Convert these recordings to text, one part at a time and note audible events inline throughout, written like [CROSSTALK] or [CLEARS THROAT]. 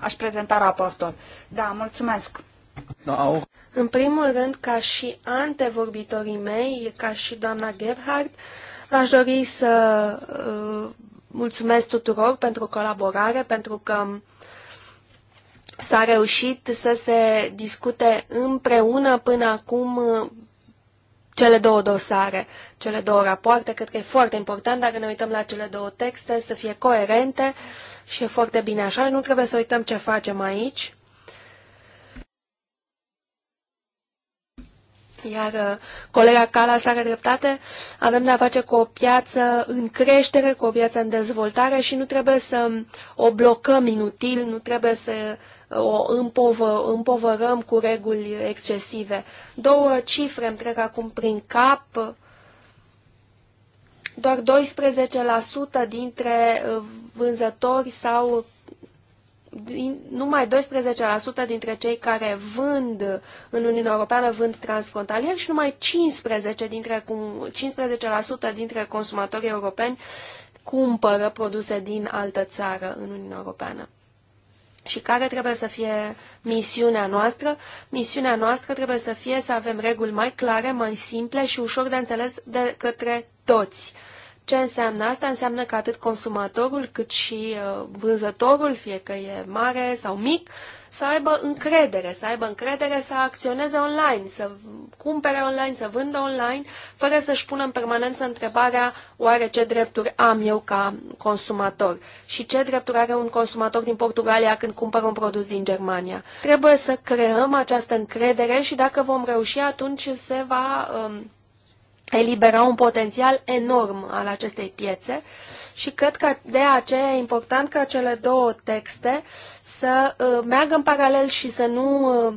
aș prezenta raportul. Da, mulțumesc. Da. În primul rând, ca și antevorbitorii mei, ca și doamna Gebhardt, aș dori să uh, mulțumesc tuturor pentru colaborare, pentru că s-a reușit să se discute împreună până acum cele două dosare, cele două rapoarte. Cred că e foarte important dacă ne uităm la cele două texte să fie coerente și e foarte bine așa. Nu trebuie să uităm ce facem aici. Iar uh, colega Calas are dreptate, avem de-a face cu o piață în creștere, cu o piață în dezvoltare și nu trebuie să um, o blocăm inutil, nu trebuie să uh, o împovă, împovărăm cu reguli excesive. Două cifre îmi trec acum prin cap. Doar 12% dintre uh, vânzători sau din, numai 12% dintre cei care vând în Uniunea Europeană vând transfrontalier și numai 15% dintre, 15% dintre consumatorii europeni cumpără produse din altă țară în Uniunea Europeană. Și care trebuie să fie misiunea noastră? Misiunea noastră trebuie să fie să avem reguli mai clare, mai simple și ușor de înțeles de către toți. Uh, ce înseamnă asta? Înseamnă că atât consumatorul cât și uh, vânzătorul, fie că e mare sau mic, să aibă încredere, să aibă încredere să acționeze online, să cumpere online, să vândă online, fără să-și pună în permanență întrebarea oare ce drepturi am eu ca consumator și ce drepturi are un consumator din Portugalia când cumpără un produs din Germania. Trebuie să creăm această încredere și dacă vom reuși, atunci se va um, elibera un potențial enorm al acestei piețe și cred că de aceea e important ca cele două texte să uh, meargă în paralel și să nu uh,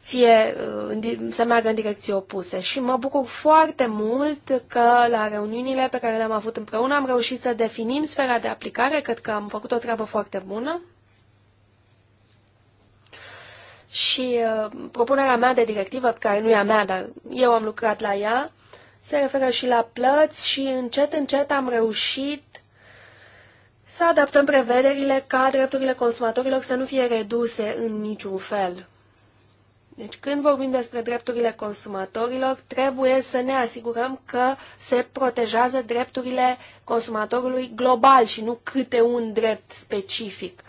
fie uh, să meargă în direcții opuse. Și mă bucur foarte mult că la reuniunile pe care le-am avut împreună am reușit să definim sfera de aplicare, cred că am făcut o treabă foarte bună. Și uh, propunerea mea de directivă, care nu e a mea, dar eu am lucrat la ea, se referă și la plăți și încet, încet am reușit să adaptăm prevederile ca drepturile consumatorilor să nu fie reduse în niciun fel. Deci când vorbim despre drepturile consumatorilor, trebuie să ne asigurăm că se protejează drepturile consumatorului global și nu câte un drept specific.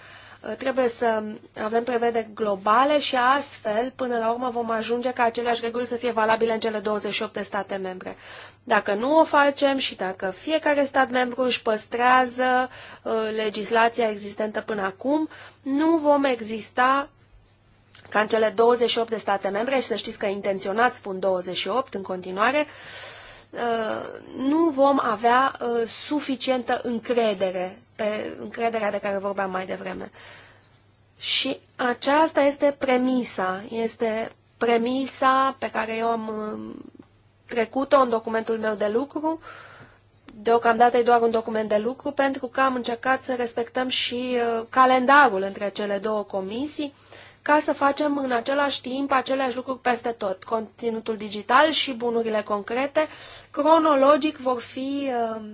Trebuie să avem prevederi globale și astfel, până la urmă, vom ajunge ca aceleași reguli să fie valabile în cele 28 de state membre. Dacă nu o facem și dacă fiecare stat membru își păstrează uh, legislația existentă până acum, nu vom exista ca în cele 28 de state membre, și să știți că intenționat spun 28 în continuare, uh, Uh, nu vom avea uh, suficientă încredere, pe încrederea de care vorbeam mai devreme. Și aceasta este premisa, este premisa pe care eu am uh, trecut-o în documentul meu de lucru. Deocamdată e doar un document de lucru pentru că am încercat să respectăm și calendarul între cele două comisii ca să facem în același timp aceleași lucruri peste tot. Conținutul digital și bunurile concrete, cronologic, vor fi um,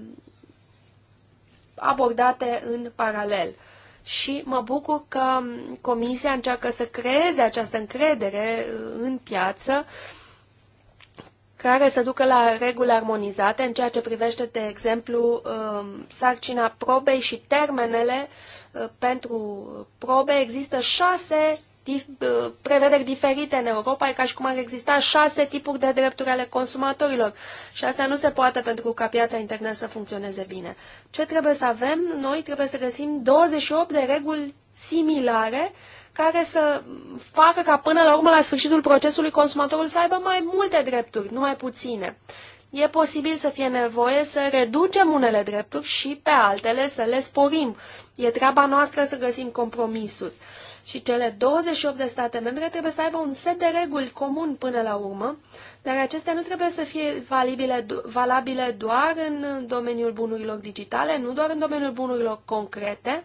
abordate în paralel. Și mă bucur că Comisia încearcă să creeze această încredere uh, în piață, care să ducă la reguli armonizate în ceea ce privește, de exemplu, um, sarcina probei și termenele uh, pentru probe. Există șase Uh, prevederi diferite în Europa, e ca și cum ar exista șase tipuri de drepturi ale consumatorilor. Și asta nu se poate pentru ca piața internă să funcționeze bine. Ce trebuie să avem? Noi trebuie să găsim 28 de reguli similare care să facă ca până la urmă, la sfârșitul procesului, consumatorul să aibă mai multe drepturi, nu mai puține. E posibil să fie nevoie să reducem unele drepturi și pe altele să le sporim. E treaba noastră să găsim compromisuri și cele 28 de state membre trebuie să aibă un set de reguli comun până la urmă, dar acestea nu trebuie să fie valibile, valabile doar în domeniul bunurilor digitale, nu doar în domeniul bunurilor concrete,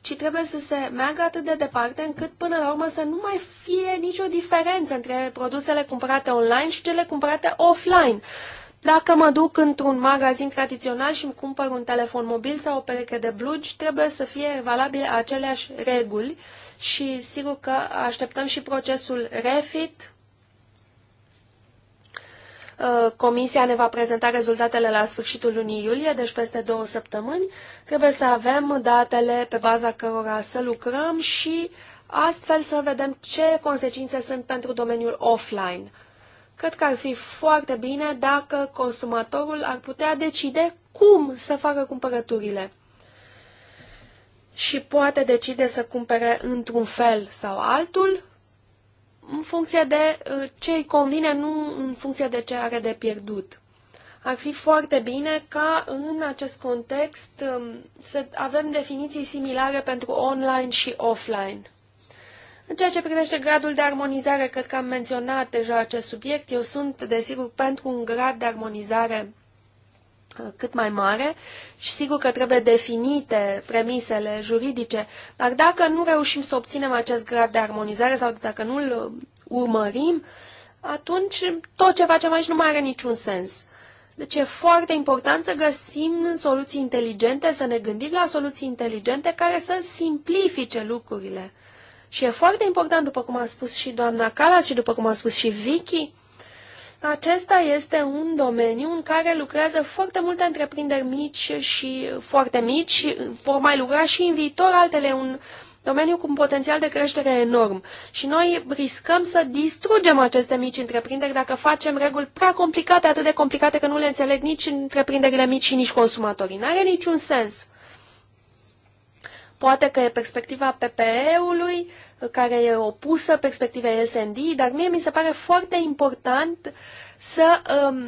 ci trebuie să se meargă atât de departe încât până la urmă să nu mai fie nicio diferență între produsele cumpărate online și cele cumpărate offline. Dacă mă duc într-un magazin tradițional și îmi cumpăr un telefon mobil sau o pereche de blugi, trebuie să fie valabile aceleași reguli și sigur că așteptăm și procesul REFIT. Uh, comisia ne va prezenta rezultatele la sfârșitul lunii iulie, deci peste două săptămâni. Trebuie să avem datele pe baza cărora să lucrăm și astfel să vedem ce consecințe sunt pentru domeniul offline Cred că ar fi foarte bine dacă consumatorul ar putea decide cum să facă cumpărăturile. Și poate decide să cumpere într-un fel sau altul, în funcție de uh, ce îi convine, nu în funcție de ce are de pierdut. Ar fi foarte bine ca în acest context um, să avem definiții similare pentru online și offline. În ceea ce privește gradul de armonizare, cred că am menționat deja acest subiect. Eu sunt, desigur, pentru un grad de armonizare uh, cât mai mare și sigur că trebuie definite premisele juridice, dar dacă nu reușim să obținem acest grad de armonizare sau dacă nu îl uh, urmărim, atunci tot ce facem aici nu mai are niciun sens. Deci e foarte important să găsim soluții inteligente, să ne gândim la soluții inteligente care să simplifice lucrurile și e foarte important, după cum a spus și doamna Calas și după cum a spus și Vicky, acesta este un domeniu în care lucrează foarte multe întreprinderi mici și foarte mici, vor mai lucra și în viitor altele, un domeniu cu un potențial de creștere enorm. Și noi riscăm să distrugem aceste mici întreprinderi dacă facem reguli prea complicate, atât de complicate că nu le înțeleg nici întreprinderile mici și nici consumatorii. N-are niciun sens. Poate că e perspectiva PPE-ului, care e opusă perspectivei SND, dar mie mi se pare foarte important să um,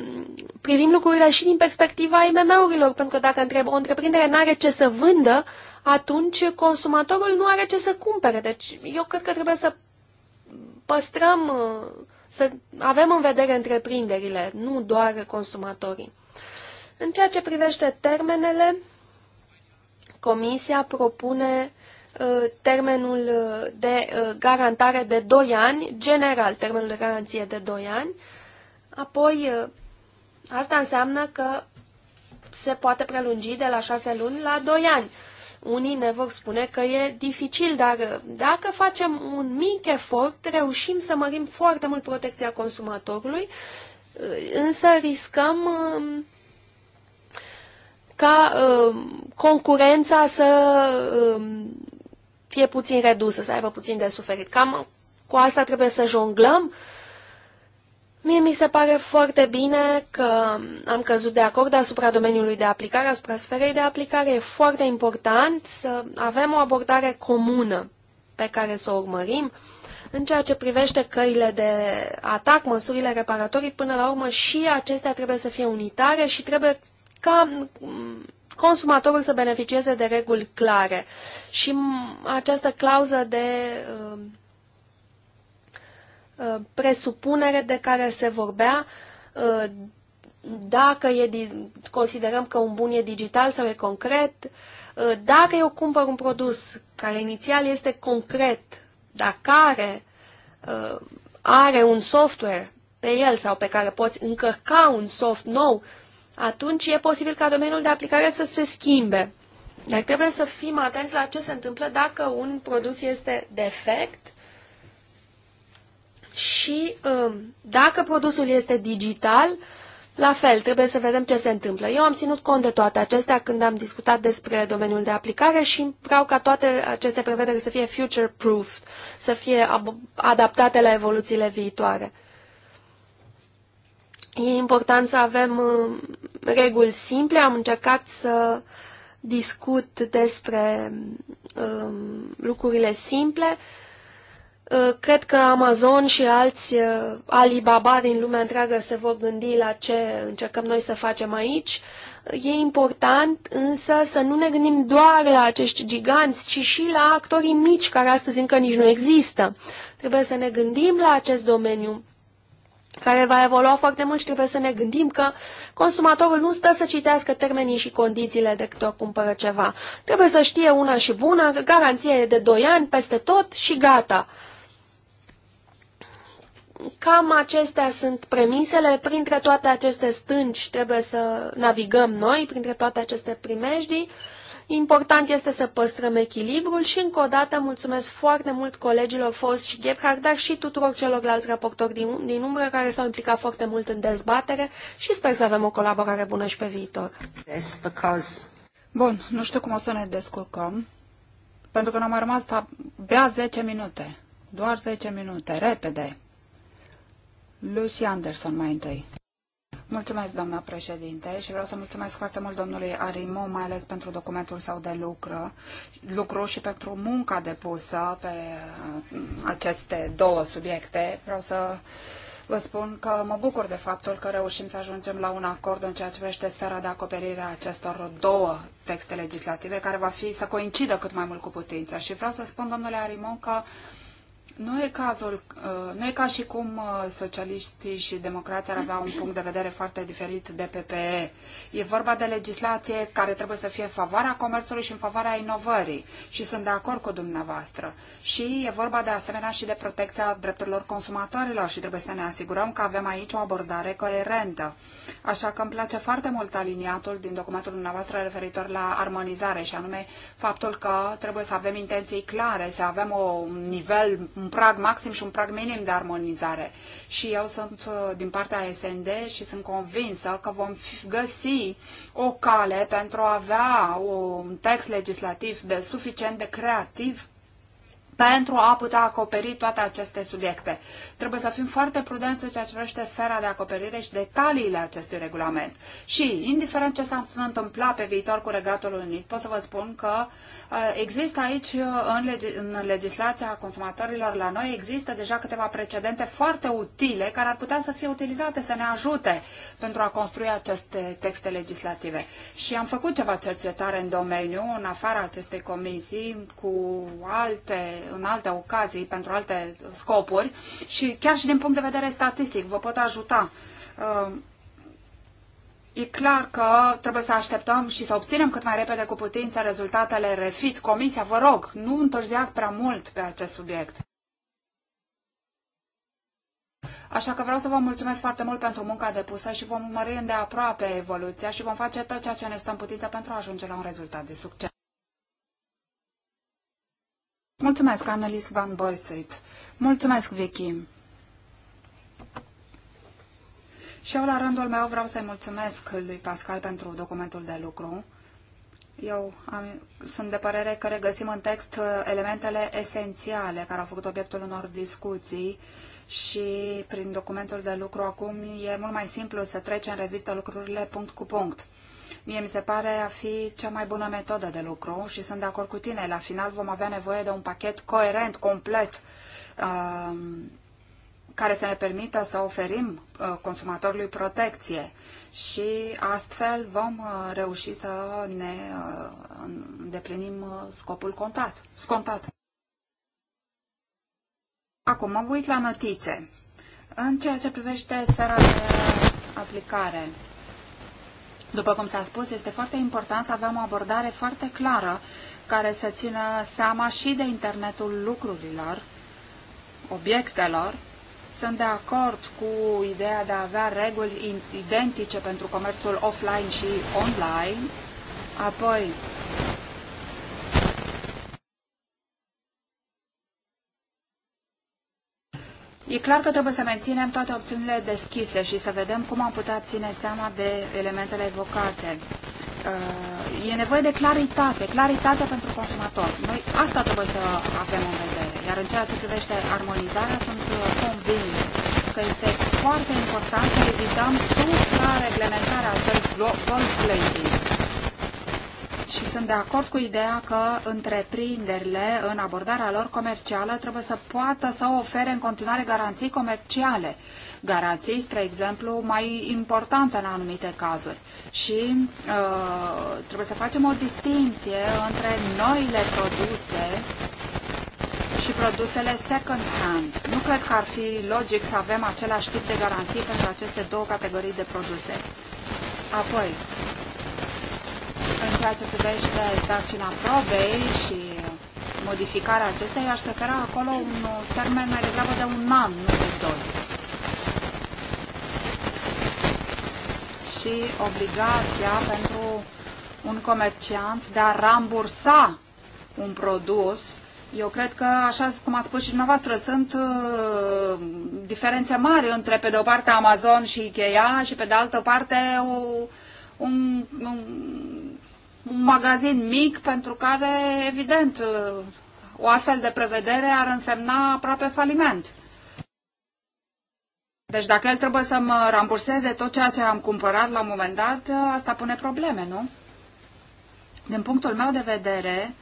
privim lucrurile și din perspectiva IMM-urilor, pentru că dacă întreb, o întreprindere nu are ce să vândă, atunci consumatorul nu are ce să cumpere. Deci eu cred că trebuie să păstrăm, uh, să avem în vedere întreprinderile, nu doar consumatorii. În ceea ce privește termenele, Comisia propune uh, termenul uh, de uh, garantare de 2 ani, general termenul de garanție de 2 ani, apoi asta înseamnă că se poate prelungi de la 6 luni la 2 ani. Unii ne vor spune că e dificil, dar dacă facem un mic efort, reușim să mărim foarte mult protecția consumatorului, însă riscăm um, ca uh, concurența să uh, fie puțin redusă, să aibă puțin de suferit. Cam cu asta trebuie să jonglăm. Mie mi se pare foarte bine că am căzut de acord asupra domeniului de aplicare, asupra sferei de aplicare. E foarte important să avem o abordare comună pe care să o urmărim în ceea ce privește căile de atac, măsurile reparatorii, până la urmă și acestea trebuie să fie unitare și trebuie ca mm, consumatorul să beneficieze de reguli clare. Și mm, această clauză de mm, presupunere de care se vorbea, dacă e, considerăm că un bun e digital sau e concret, dacă eu cumpăr un produs care inițial este concret, dar care are un software pe el sau pe care poți încărca un soft nou, atunci e posibil ca domeniul de aplicare să se schimbe. Dar trebuie să fim atenți la ce se întâmplă dacă un produs este defect și um, dacă produsul este digital, la fel, trebuie să vedem ce se întâmplă. Eu am ținut cont de toate acestea când am discutat despre domeniul de aplicare și vreau ca toate aceste prevederi să fie future-proof, să fie adaptate la evoluțiile viitoare. E important să avem uh, reguli simple. Am încercat să discut despre um, lucrurile simple. Uh, cred că Amazon și alți uh, Alibaba din lumea întreagă se vor gândi la ce încercăm noi să facem aici. E important însă să nu ne gândim doar la acești giganți, ci și la actorii mici care astăzi încă nici nu există. Trebuie să ne gândim la acest domeniu care va evolua foarte mult și trebuie să ne gândim că consumatorul nu stă să citească termenii și condițiile de câte o cumpără ceva. Trebuie să știe una și bună, garanția e de 2 ani peste tot și gata. Cam acestea sunt premisele, printre toate aceste stânci trebuie să navigăm noi, printre toate aceste primejdii. Uh, Important este să păstrăm echilibrul și încă o dată mulțumesc foarte mult colegilor Fost și Gebhard, dar și tuturor celorlalți raportori din, din umbră care s-au implicat foarte mult în dezbatere și sper să avem o colaborare bună și pe viitor. Yes, because... Bun, nu știu cum o să ne descurcăm, pentru că ne-am rămas abia 10 minute. Doar 10 minute, repede. Lucy Anderson mai întâi. Mulțumesc, doamna președinte, și vreau să mulțumesc foarte mult domnului Arimo, mai ales pentru documentul său de lucru, lucru și pentru munca depusă pe uh, aceste două subiecte. Vreau să vă spun că mă bucur de faptul că reușim să ajungem la un acord în ceea ce privește sfera de acoperire a acestor două texte legislative, care va fi să coincidă cât mai mult cu putința Și vreau să spun, domnule Arimon, că uh, nu e, cazul, uh, nu e ca și cum uh, socialiștii și democrații ar avea un punct de vedere foarte diferit de PPE. E vorba de legislație care trebuie să fie în favoarea comerțului și în favoarea inovării. Și sunt de acord cu dumneavoastră. Și e vorba de asemenea și de protecția drepturilor consumatorilor și trebuie să ne asigurăm că avem aici o abordare coerentă. Așa că îmi place foarte mult aliniatul din documentul dumneavoastră referitor la armonizare și anume faptul că trebuie să avem intenții clare, să avem un nivel un prag maxim și un prag minim de armonizare. Și eu sunt uh, din partea SND și sunt convinsă că vom găsi o cale pentru a avea un text legislativ de suficient de creativ pentru a putea acoperi toate aceste subiecte. Trebuie să fim foarte prudenți în ceea ce vrește sfera de acoperire și detaliile acestui regulament. Și, indiferent ce s-a întâmplat pe viitor cu Regatul Unit, pot să vă spun că uh, există aici, uh, în, legi- în legislația consumatorilor la noi, există deja câteva precedente foarte utile care ar putea să fie utilizate, să ne ajute pentru a construi aceste texte legislative. Și am făcut ceva cercetare în domeniu, în afara acestei comisii, cu alte în alte ocazii, pentru alte scopuri și chiar și din punct de vedere statistic vă pot ajuta. Uh, e clar că trebuie să așteptăm și să obținem cât mai repede cu putință rezultatele refit. Comisia, vă rog, nu întârziați prea mult pe acest subiect. Așa că vreau să vă mulțumesc foarte mult pentru munca depusă și vom urmări îndeaproape evoluția și vom face tot ceea ce ne stăm putință pentru a ajunge la un rezultat de succes. Mulțumesc, Annelies Van Boyset. Mulțumesc, Vicky. Și eu, la rândul meu, vreau să-i mulțumesc lui Pascal pentru documentul de lucru. Eu am, sunt de părere că regăsim în text uh, elementele esențiale care au făcut obiectul unor discuții și prin documentul de lucru acum e mult mai simplu să trecem în revistă lucrurile punct cu punct. Mie mi se pare a fi cea mai bună metodă de lucru și sunt de acord cu tine. La final vom avea nevoie de un pachet coerent, complet, um, care să ne permită să oferim uh, consumatorului protecție și astfel vom uh, reuși să ne uh, îndeplinim scopul contat, scontat. Acum mă uit la notițe. În ceea ce privește sfera de aplicare, după cum s-a spus, este foarte important să avem o abordare foarte clară care să țină seama și de internetul lucrurilor, obiectelor. Sunt de acord cu ideea de a avea reguli identice pentru comerțul offline și online. Apoi, E clar că trebuie să menținem toate opțiunile deschise și să vedem cum am putea ține seama de elementele evocate. Uh, e nevoie de claritate, claritate pentru consumator. Noi asta trebuie să avem în vedere. Iar în ceea ce privește armonizarea, sunt uh, convins că este foarte important să evităm supra-reglementarea acel gold plating sunt de acord cu ideea că întreprinderile, în abordarea lor comercială, trebuie să poată să ofere în continuare garanții comerciale. Garanții, spre exemplu, mai importante în anumite cazuri. Și uh, trebuie să facem o distinție între noile produse și produsele second-hand. Nu cred că ar fi logic să avem același tip de garanții pentru aceste două categorii de produse. Apoi, în ceea ce privește sarcina probei și modificarea acestei, aș prefera acolo un termen mai degrabă de un an, nu de doi. Și obligația pentru un comerciant de a rambursa un produs, eu cred că, așa cum a spus și dumneavoastră, sunt uh, diferențe mari între, pe de o parte, Amazon și Ikea și, pe de altă parte, o, un, un un magazin mic pentru care, evident, o astfel de prevedere ar însemna aproape faliment. Deci dacă el trebuie să mă ramburseze tot ceea ce am cumpărat la un moment dat, asta pune probleme, nu? Din punctul meu de vedere,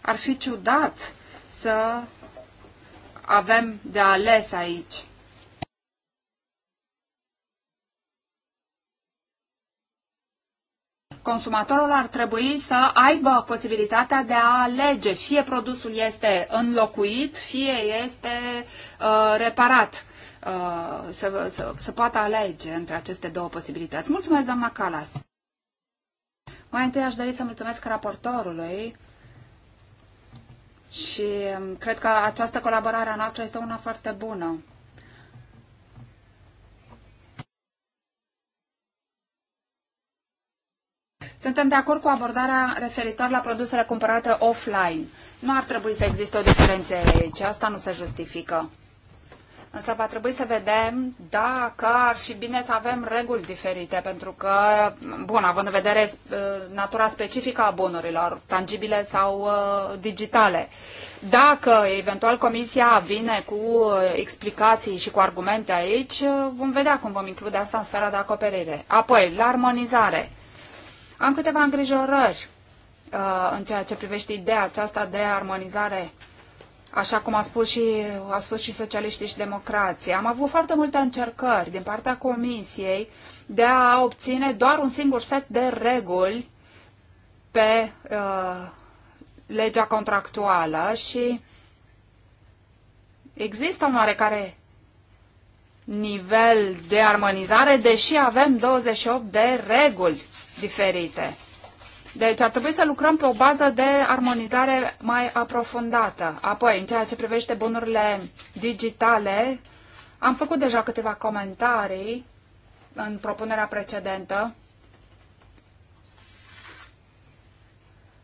ar fi ciudat să avem de ales aici. consumatorul ar trebui să aibă posibilitatea de a alege. Fie produsul este înlocuit, fie este uh, reparat. Uh, să, să, să poată alege între aceste două posibilități. Mulțumesc, doamna Calas. Mai întâi aș dori să mulțumesc raportorului și um, cred că această colaborare a noastră este una foarte bună. Suntem de acord cu abordarea referitoare la produsele cumpărate offline. Nu ar trebui să existe o diferență aici, asta nu se justifică. Însă va trebui să vedem dacă ar fi bine să avem reguli diferite, pentru că, bun, având în vedere uh, natura specifică a bunurilor, tangibile sau uh, digitale, dacă eventual comisia vine cu uh, explicații și cu argumente aici, vom vedea cum vom include asta în sfera de acoperire. Apoi, la armonizare. Am câteva îngrijorări uh, în ceea ce privește ideea aceasta de armonizare, așa cum a spus și, a spus și socialiștii și democrații. Am avut foarte multe încercări din partea Comisiei de a obține doar un singur set de reguli pe uh, legea contractuală și există un oarecare nivel de armonizare, deși avem 28 de reguli diferite. Deci ar trebui să lucrăm pe o bază de armonizare mai aprofundată. Apoi, în ceea ce privește bunurile digitale, am făcut deja câteva comentarii în propunerea precedentă.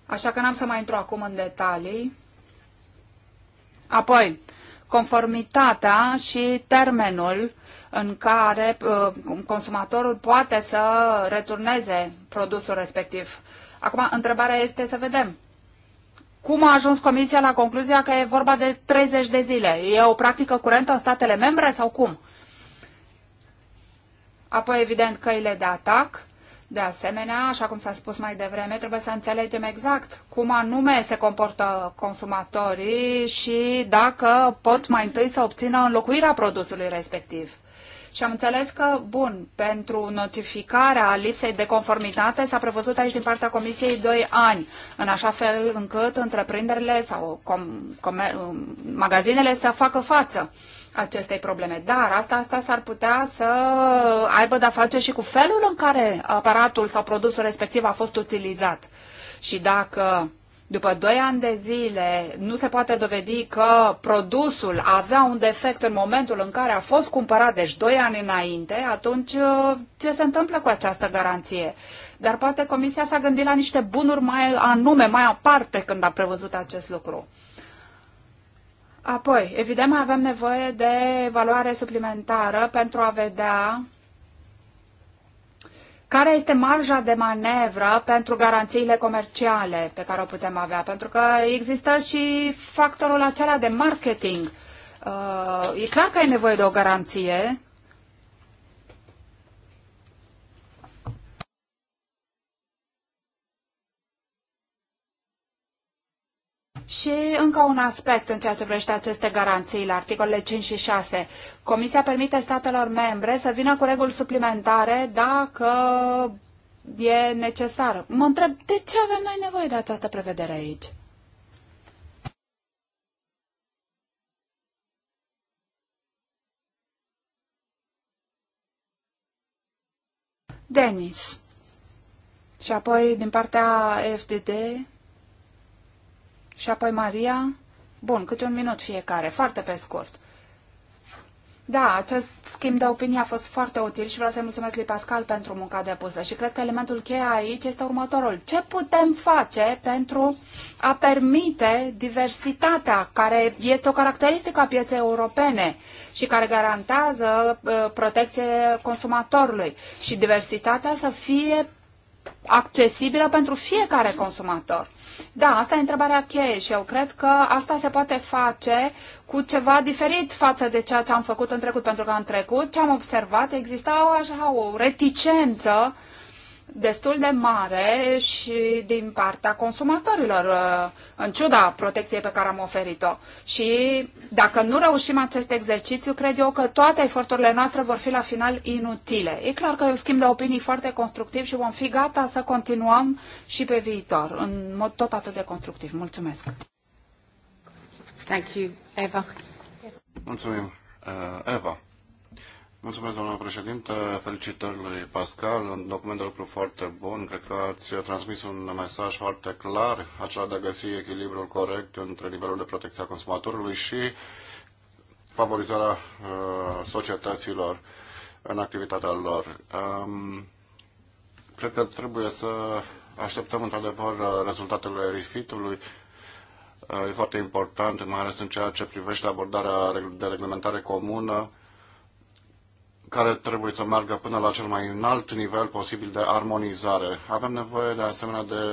Așa că n-am să mai intru acum în detalii. Apoi, conformitatea și termenul în care uh, consumatorul poate să returneze produsul respectiv. Acum, întrebarea este să vedem. Cum a ajuns Comisia la concluzia că e vorba de 30 de zile? E o practică curentă în statele membre sau cum? Apoi, evident, căile de atac de asemenea, așa cum s-a spus mai devreme, trebuie să înțelegem exact cum anume se comportă consumatorii și dacă pot mai întâi să obțină înlocuirea produsului respectiv. Și am înțeles că, bun, pentru notificarea lipsei de conformitate s-a prevăzut aici din partea Comisiei 2 ani, în așa fel încât întreprinderile sau com- com- magazinele să facă față acestei probleme. Dar asta, asta s-ar putea să aibă de-a face și cu felul în care aparatul sau produsul respectiv a fost utilizat. Și dacă după 2 ani de zile nu se poate dovedi că produsul avea un defect în momentul în care a fost cumpărat, deci 2 ani înainte, atunci uh, ce se întâmplă cu această garanție? Dar poate Comisia s-a gândit la niște bunuri mai anume, mai aparte când a prevăzut acest lucru. Apoi, evident, mai avem nevoie de evaluare suplimentară pentru a vedea care este marja de manevră pentru garanțiile comerciale pe care o putem avea? Pentru că există și factorul acela de marketing. Uh, e clar că ai nevoie de o garanție, Și încă un aspect în ceea ce privește aceste garanții, la articolele 5 și 6. Comisia permite statelor membre să vină cu reguli suplimentare dacă e necesar. Mă întreb, de ce avem noi nevoie de această prevedere aici? Denis. Și apoi, din partea FDD, și apoi Maria. Bun, câte un minut fiecare, foarte pe scurt. Da, acest schimb de opinie a fost foarte util și vreau să-i mulțumesc lui Pascal pentru munca depusă. Și cred că elementul cheie aici este următorul. Ce putem face pentru a permite diversitatea, care este o caracteristică a pieței europene și care garantează uh, protecție consumatorului și diversitatea să fie accesibilă pentru fiecare consumator. Da, asta e întrebarea cheie și eu cred că asta se poate face cu ceva diferit față de ceea ce am făcut în trecut, pentru că în trecut ce am observat exista o, așa, o reticență uh, destul de mare și din partea consumatorilor, uh, în ciuda protecției pe care am oferit-o. Și dacă nu reușim acest exercițiu, cred eu că toate eforturile noastre vor fi la final inutile. E clar că eu schimb de opinii foarte constructiv și vom fi gata să continuăm și pe viitor, în mod tot atât de constructiv. Mulțumesc! Thank you, Eva. Mulțumim, uh, Eva. Mulțumesc, doamna președinte. Felicitări lui Pascal. Un document de lucru foarte bun. Cred că ați transmis un mesaj foarte clar, acela de a găsi echilibrul corect între nivelul de protecție a consumatorului și favorizarea uh, societăților în activitatea lor. Um, cred că trebuie să așteptăm într-adevăr rezultatele refitului. Uh, e foarte important, mai ales în ceea ce privește abordarea de reglementare comună care trebuie să meargă până la cel mai înalt nivel posibil de armonizare. Avem nevoie de asemenea de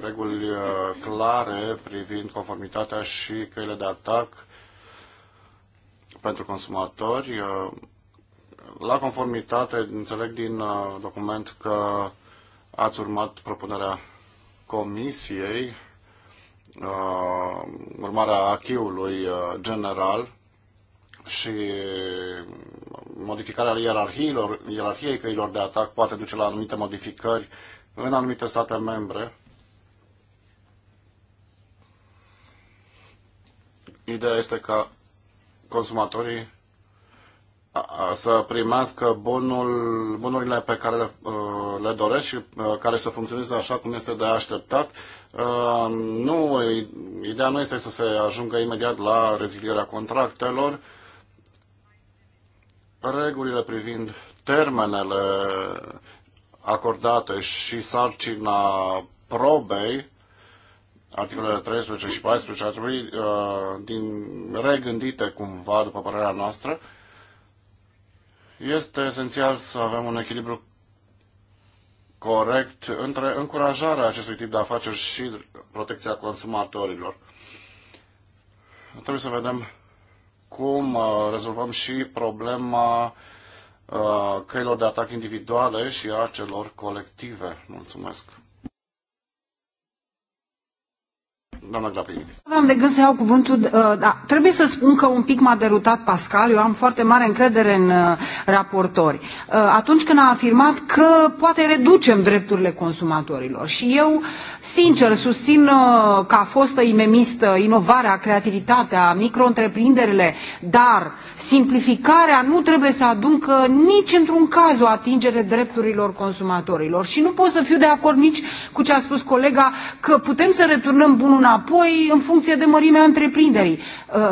reguli uh, clare privind conformitatea și căile de atac pentru consumatori. Uh, la conformitate, înțeleg din uh, document că ați urmat propunerea Comisiei, urmarea achiului general, și uh, modificarea ierarhiilor, ierarhiei căilor de atac poate duce la anumite modificări în anumite state membre. Ideea este ca consumatorii să primească bunul, bunurile pe care le, uh, le doresc și uh, care să funcționeze așa cum este de așteptat. Nu, ideea nu este să se ajungă imediat la rezilierea contractelor, regulile privind termenele acordate și sarcina probei, articolele 13 și 14, ar trebui uh, din regândite cumva, după părerea noastră. Este esențial să avem un echilibru corect între încurajarea acestui tip de afaceri și protecția consumatorilor. Trebuie să vedem cum uh, rezolvăm și problema uh, căilor de atac individuale și a celor colective. Mulțumesc! Doamna Grapini. Aveam de gând să iau cuvântul. Uh, da, trebuie să spun că un pic m-a derutat Pascal. Eu am foarte mare încredere în uh, raportori. Uh, atunci când a afirmat că poate reducem drepturile consumatorilor. Și eu, sincer, susțin că a fost imemistă inovarea, creativitatea, micro-întreprinderile, dar simplificarea nu trebuie să aduncă nici într-un caz o atingere drepturilor consumatorilor. Și nu pot să fiu de acord nici cu ce a spus colega că putem să returnăm bunul înapoi în funcție de mărimea întreprinderii.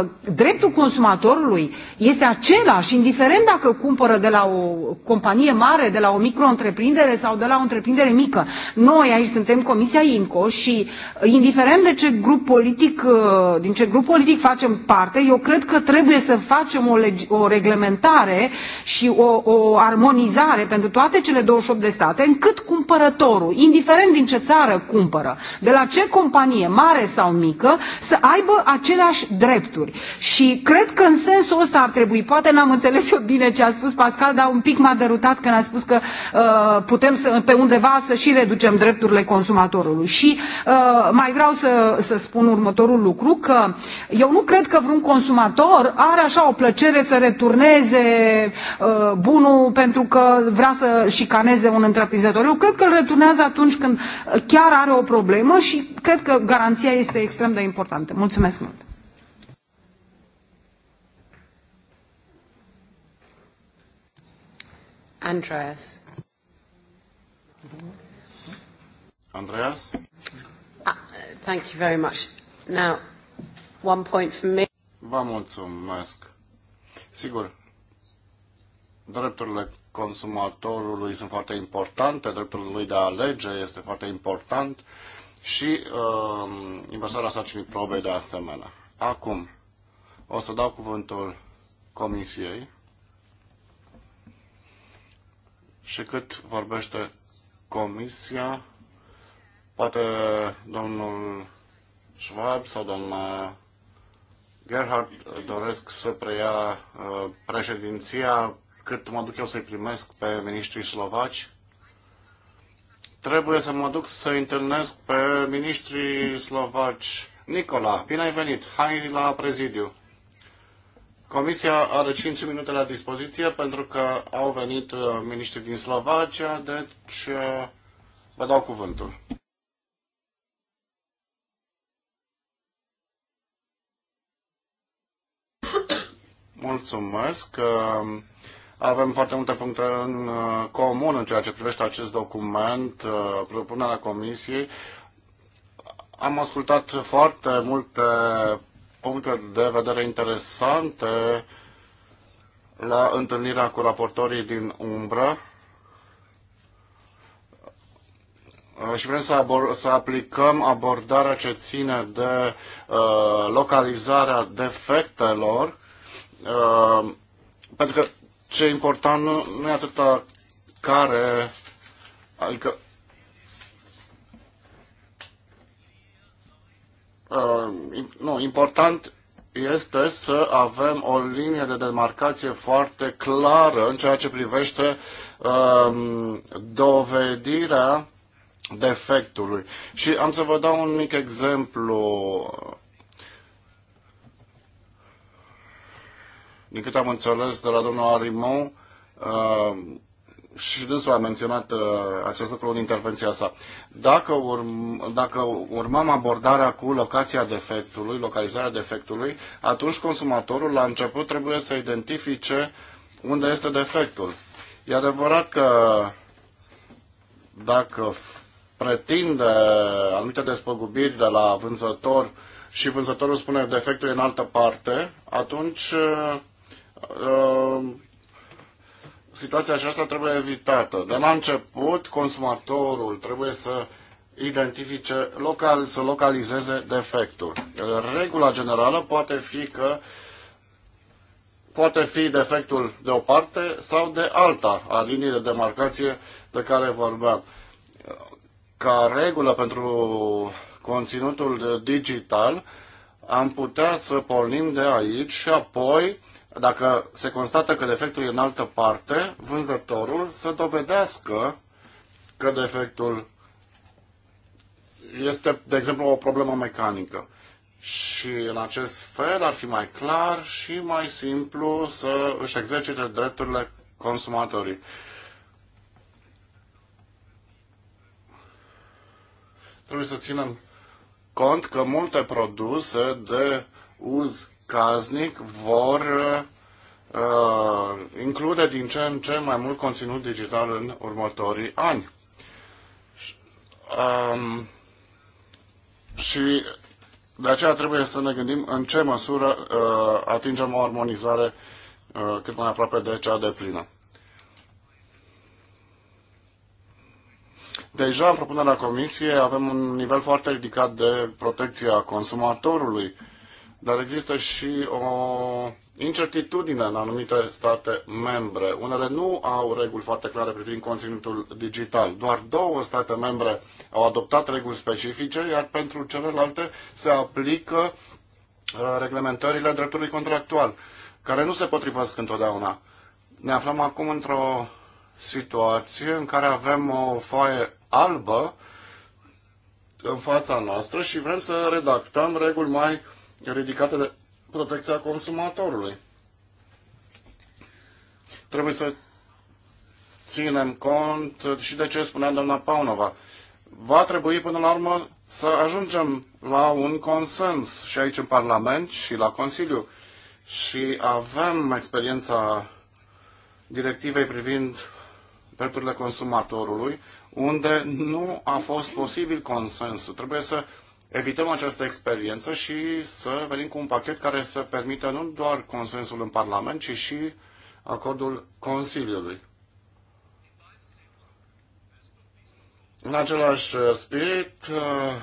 Uh, dreptul consumatorului este același, indiferent dacă cumpără de la o companie mare, de la o micro-întreprindere sau de la o întreprindere mică. Noi aici suntem Comisia INCO și uh, indiferent de ce grup politic, uh, din ce grup politic facem parte, eu cred că trebuie să facem o, o reglementare și o, o armonizare pentru toate cele 28 de state, încât cumpărătorul, indiferent din ce țară cumpără, de la ce companie mare mare sau mică, să aibă aceleași drepturi. Și cred că în sensul ăsta ar trebui, poate n-am înțeles eu bine ce a spus Pascal, dar un pic m-a derutat când a spus că uh, putem să, pe undeva să și reducem drepturile consumatorului. Și uh, mai vreau să, să spun următorul lucru, că eu nu cred că vreun consumator are așa o plăcere să returneze uh, bunul pentru că vrea să șicaneze un întreprinzător. Eu cred că îl returnează atunci când chiar are o problemă și cred că garanția este extrem de importantă. Mulțumesc mult! Andreas. Andreas? Uh, thank you very much. Now, one point for me. Vă mulțumesc. Sigur, drepturile consumatorului sunt foarte importante, dreptul lui de a alege este foarte important și uh, um, invasarea sarcinii probe de asemenea. Acum, o să dau cuvântul Comisiei și cât vorbește Comisia, poate domnul Schwab sau doamna Gerhard doresc să preia uh, președinția cât mă duc eu să-i primesc pe ministrii slovaci. Trebuie să mă duc să întâlnesc pe ministrii slovaci. Nicola, bine ai venit. Hai la prezidiu. Comisia are 5 minute la dispoziție pentru că au venit uh, miniștrii din Slovacia, deci uh, vă dau cuvântul. Mulțumesc. Uh, avem foarte multe puncte în uh, comun în ceea ce privește acest document, uh, propunerea Comisiei. Am ascultat foarte multe puncte de vedere interesante la întâlnirea cu raportorii din umbră uh, și vrem să, abor- să aplicăm abordarea ce ține de uh, localizarea defectelor, uh, pentru că ce e important nu e atâta care, adică Uh, nu, important este să avem o linie de demarcație foarte clară în ceea ce privește uh, dovedirea defectului. Și am să vă dau un mic exemplu. Din câte am înțeles de la domnul Arimon, uh, și dânsul a menționat uh, acest lucru în intervenția sa. Dacă, urm, dacă urmăm abordarea cu locația defectului, localizarea defectului, atunci consumatorul la început trebuie să identifice unde este defectul. E adevărat că dacă pretinde anumite despăgubiri de la vânzător și vânzătorul spune defectul e în altă parte, atunci uh, Ehm, situația aceasta trebuie evitată. De la început, consumatorul trebuie să identifice, local, să localizeze defectul. Regula generală poate fi că poate fi defectul de o parte sau de alta a liniei de demarcație de care vorbeam. Ca regulă pentru conținutul digital, am putea să pornim de aici și apoi dacă se constată că defectul e în altă parte, vânzătorul să dovedească că defectul este, de exemplu, o problemă mecanică. Și în acest fel ar fi mai clar și mai simplu să își exercite drepturile consumatorii. Trebuie să ținem cont că multe produse de uz caznic vor uh, include din ce în ce mai mult conținut digital în următorii ani. Um, și de aceea trebuie să ne gândim în ce măsură uh, atingem o armonizare uh, cât mai aproape de cea de plină. Deja în propunerea Comisiei avem un nivel foarte ridicat de protecție a consumatorului uh, dar există și o incertitudine în anumite state membre. Unele nu au reguli foarte clare privind conținutul digital. Doar două state membre au adoptat reguli specifice, iar pentru celelalte se aplică uh, reglementările dreptului contractual, care nu se potrivesc întotdeauna. Ne aflăm acum într-o situație în care avem o foaie albă în fața noastră și vrem să redactăm reguli mai ridicate de protecția consumatorului. Trebuie să ținem cont și de ce spunea doamna Paunova. Va trebui până la urmă să ajungem la un consens și aici în Parlament și la Consiliu. Și avem experiența directivei privind drepturile consumatorului, unde nu a fost posibil consensul. Trebuie să evităm această experiență și să venim cu un pachet care să permită nu doar consensul în Parlament, ci și acordul Consiliului. În același uh, spirit, uh,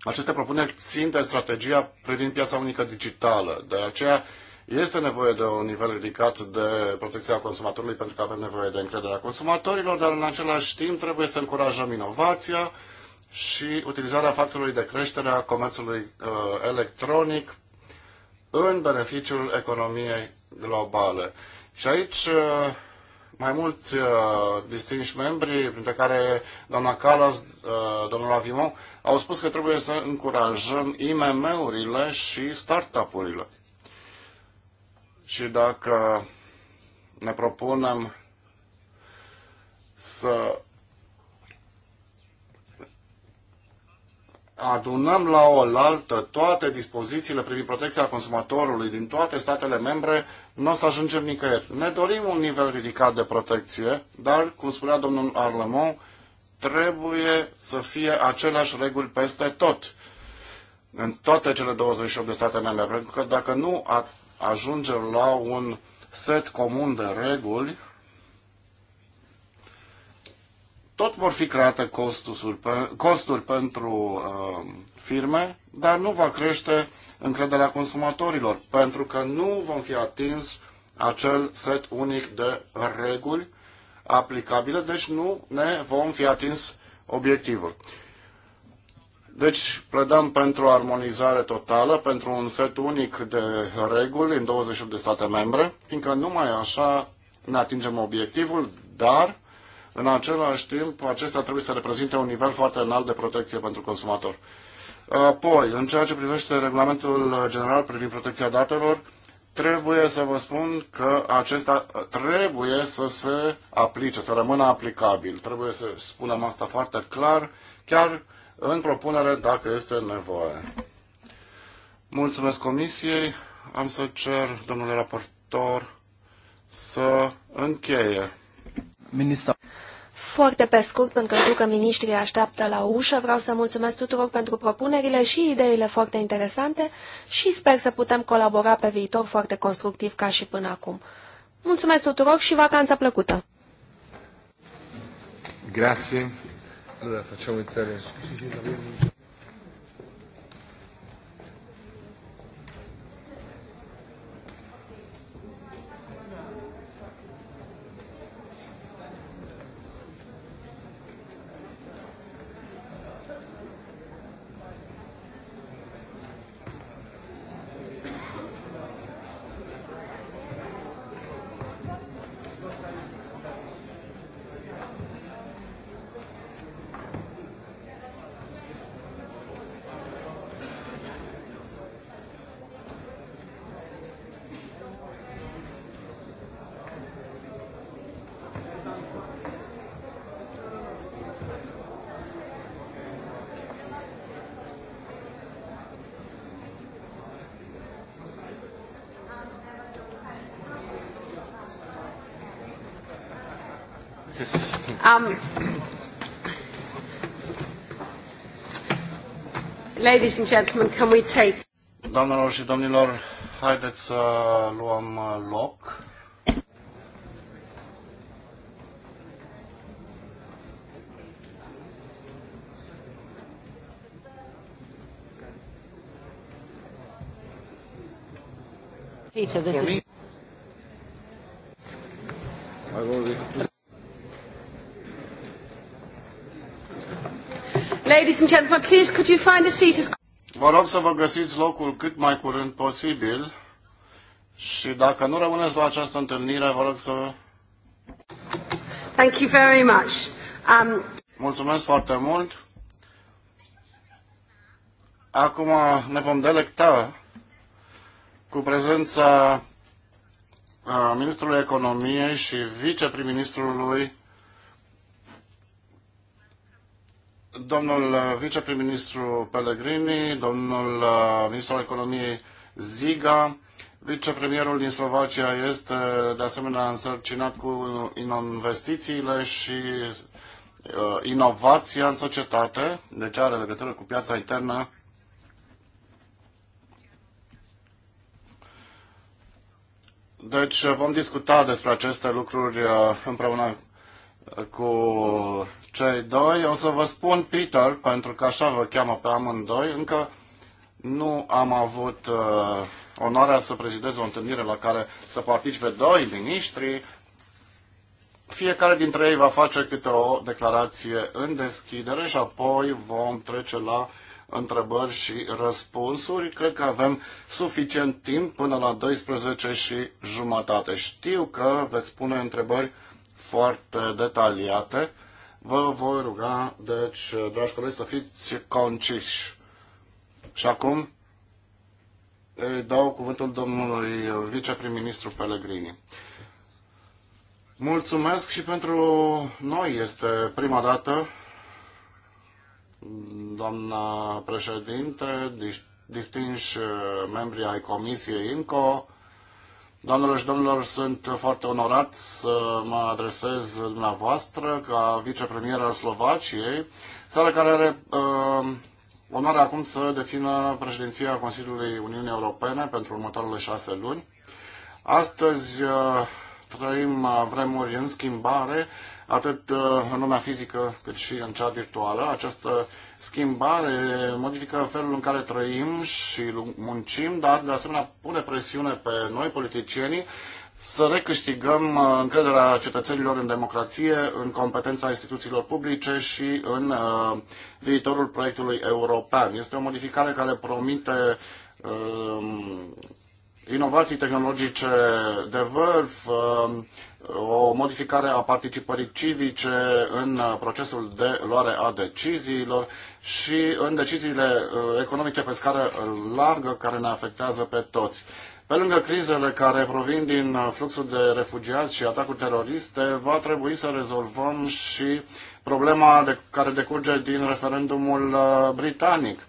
aceste propuneri țin de strategia privind piața unică digitală. De aceea este nevoie de un nivel ridicat de protecția consumatorului pentru că avem nevoie de încrederea consumatorilor, dar în același timp trebuie să încurajăm inovația, și utilizarea factorului de creștere a comerțului uh, electronic în beneficiul economiei globale. Și aici uh, mai mulți uh, distinși membri, printre care doamna Calas, uh, domnul Avimon, au spus că trebuie să încurajăm IMM-urile și startup-urile. Și dacă ne propunem să adunăm la oaltă toate dispozițiile privind protecția consumatorului din toate statele membre, nu o să ajungem nicăieri. Ne dorim un nivel ridicat de protecție, dar, cum spunea domnul Arlemont, trebuie să fie aceleași reguli peste tot, în toate cele 28 de state membre, pentru că dacă nu ajungem la un set comun de reguli, tot vor fi create costuri, costuri pentru uh, firme, dar nu va crește încrederea consumatorilor, pentru că nu vom fi atins acel set unic de reguli aplicabile, deci nu ne vom fi atins obiectivul. Deci pledăm pentru armonizare totală, pentru un set unic de reguli în 28 de state membre, fiindcă numai așa ne atingem obiectivul, dar în același timp, acesta trebuie să reprezinte un nivel foarte înalt de protecție pentru consumator. Apoi, în ceea ce privește regulamentul general privind protecția datelor, trebuie să vă spun că acesta trebuie să se aplice, să rămână aplicabil. Trebuie să spunem asta foarte clar, chiar în propunere dacă este nevoie. Mulțumesc Comisiei. Am să cer, domnule raportor, să încheie. Minister. Foarte pe scurt, pentru că știu că miniștrii așteaptă la ușă, vreau să mulțumesc tuturor pentru propunerile și ideile foarte interesante și sper să putem colabora pe viitor foarte constructiv ca și până acum. Mulțumesc tuturor și vacanța plăcută! Grazie. Allora facciamo entrare. Um, ladies and gentlemen, can we take... Doamnelor și domnilor, haideți să luăm uh, loc. Peter, this is... Ladies and gentlemen, please could you find a seat Vă rog să vă găsiți locul cât mai curând posibil și dacă nu rămâneți la această întâlnire, vă rog să... Thank you very much. Um... Mulțumesc foarte mult. Acum ne vom delecta cu prezența uh, ministrului economiei și viceprim-ministrului domnul uh, viceprim-ministru Pellegrini, domnul uh, ministru al economiei Ziga, vicepremierul din Slovacia este de asemenea însărcinat cu investițiile și uh, inovația în societate, deci are legătură cu piața internă Deci vom discuta despre aceste lucruri împreună cu cei doi. O să vă spun Peter, pentru că așa vă cheamă pe amândoi. Încă nu am avut uh, onoarea să prezidez o întâlnire la care să participe doi miniștri. Fiecare dintre ei va face câte o declarație în deschidere și apoi vom trece la întrebări și răspunsuri. Cred că avem suficient timp până la 12 și jumătate. Știu că veți pune întrebări foarte detaliate Vă voi ruga, deci, dragi colegi, să fiți conciși. Și acum îi dau cuvântul domnului viceprim-ministru Pellegrini. Mulțumesc și pentru noi este prima dată, doamna președinte, distinși membri ai Comisiei INCO, Doamnelor și domnilor, sunt foarte onorat să mă adresez dumneavoastră ca vicepremier al Slovaciei, țara care are uh, onoarea acum să dețină președinția Consiliului Uniunii Europene pentru următoarele șase luni. Astăzi uh, trăim vremuri în schimbare atât uh, în lumea fizică cât și în cea virtuală. Această schimbare modifică felul în care trăim și muncim, dar de asemenea pune presiune pe noi, politicienii, să recâștigăm uh, încrederea cetățenilor în democrație, în competența instituțiilor publice și în uh, viitorul proiectului european. Este o modificare care promite inovații tehnologice de vârf, um, o modificare a participării civice în procesul de luare a deciziilor și în deciziile uh, economice pe scară uh, largă care ne afectează pe toți. Pe lângă crizele care provin din uh, fluxul de refugiați și atacuri teroriste, va trebui să rezolvăm și problema de, care decurge din referendumul britanic.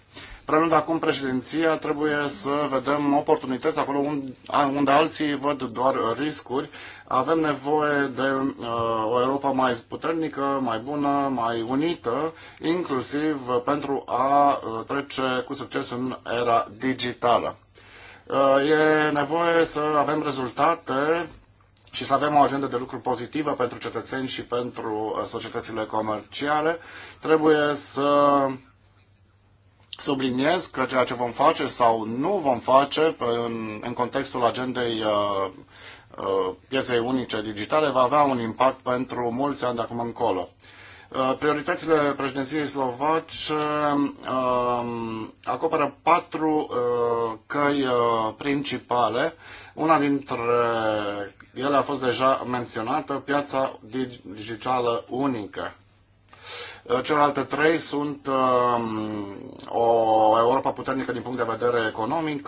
Preluând acum președinția, trebuie să vedem oportunități acolo unde, unde alții văd doar riscuri. Avem nevoie de uh, o Europa mai puternică, mai bună, mai unită, inclusiv pentru a uh, trece cu succes în era digitală. Uh, e nevoie să avem rezultate și să avem o agendă de lucru pozitivă pentru cetățeni și pentru uh, societățile comerciale. Trebuie să Subliniez că ceea ce vom face sau nu vom face în, în contextul agendei uh, uh, pieței unice digitale va avea un impact pentru mulți ani de acum încolo. Uh, prioritățile președinției slovace um, acoperă patru căi principale. Una dintre ele a fost deja menționată, piața digitală unică. Uh, celelalte trei sunt um, o Europa puternică din punct de vedere economic,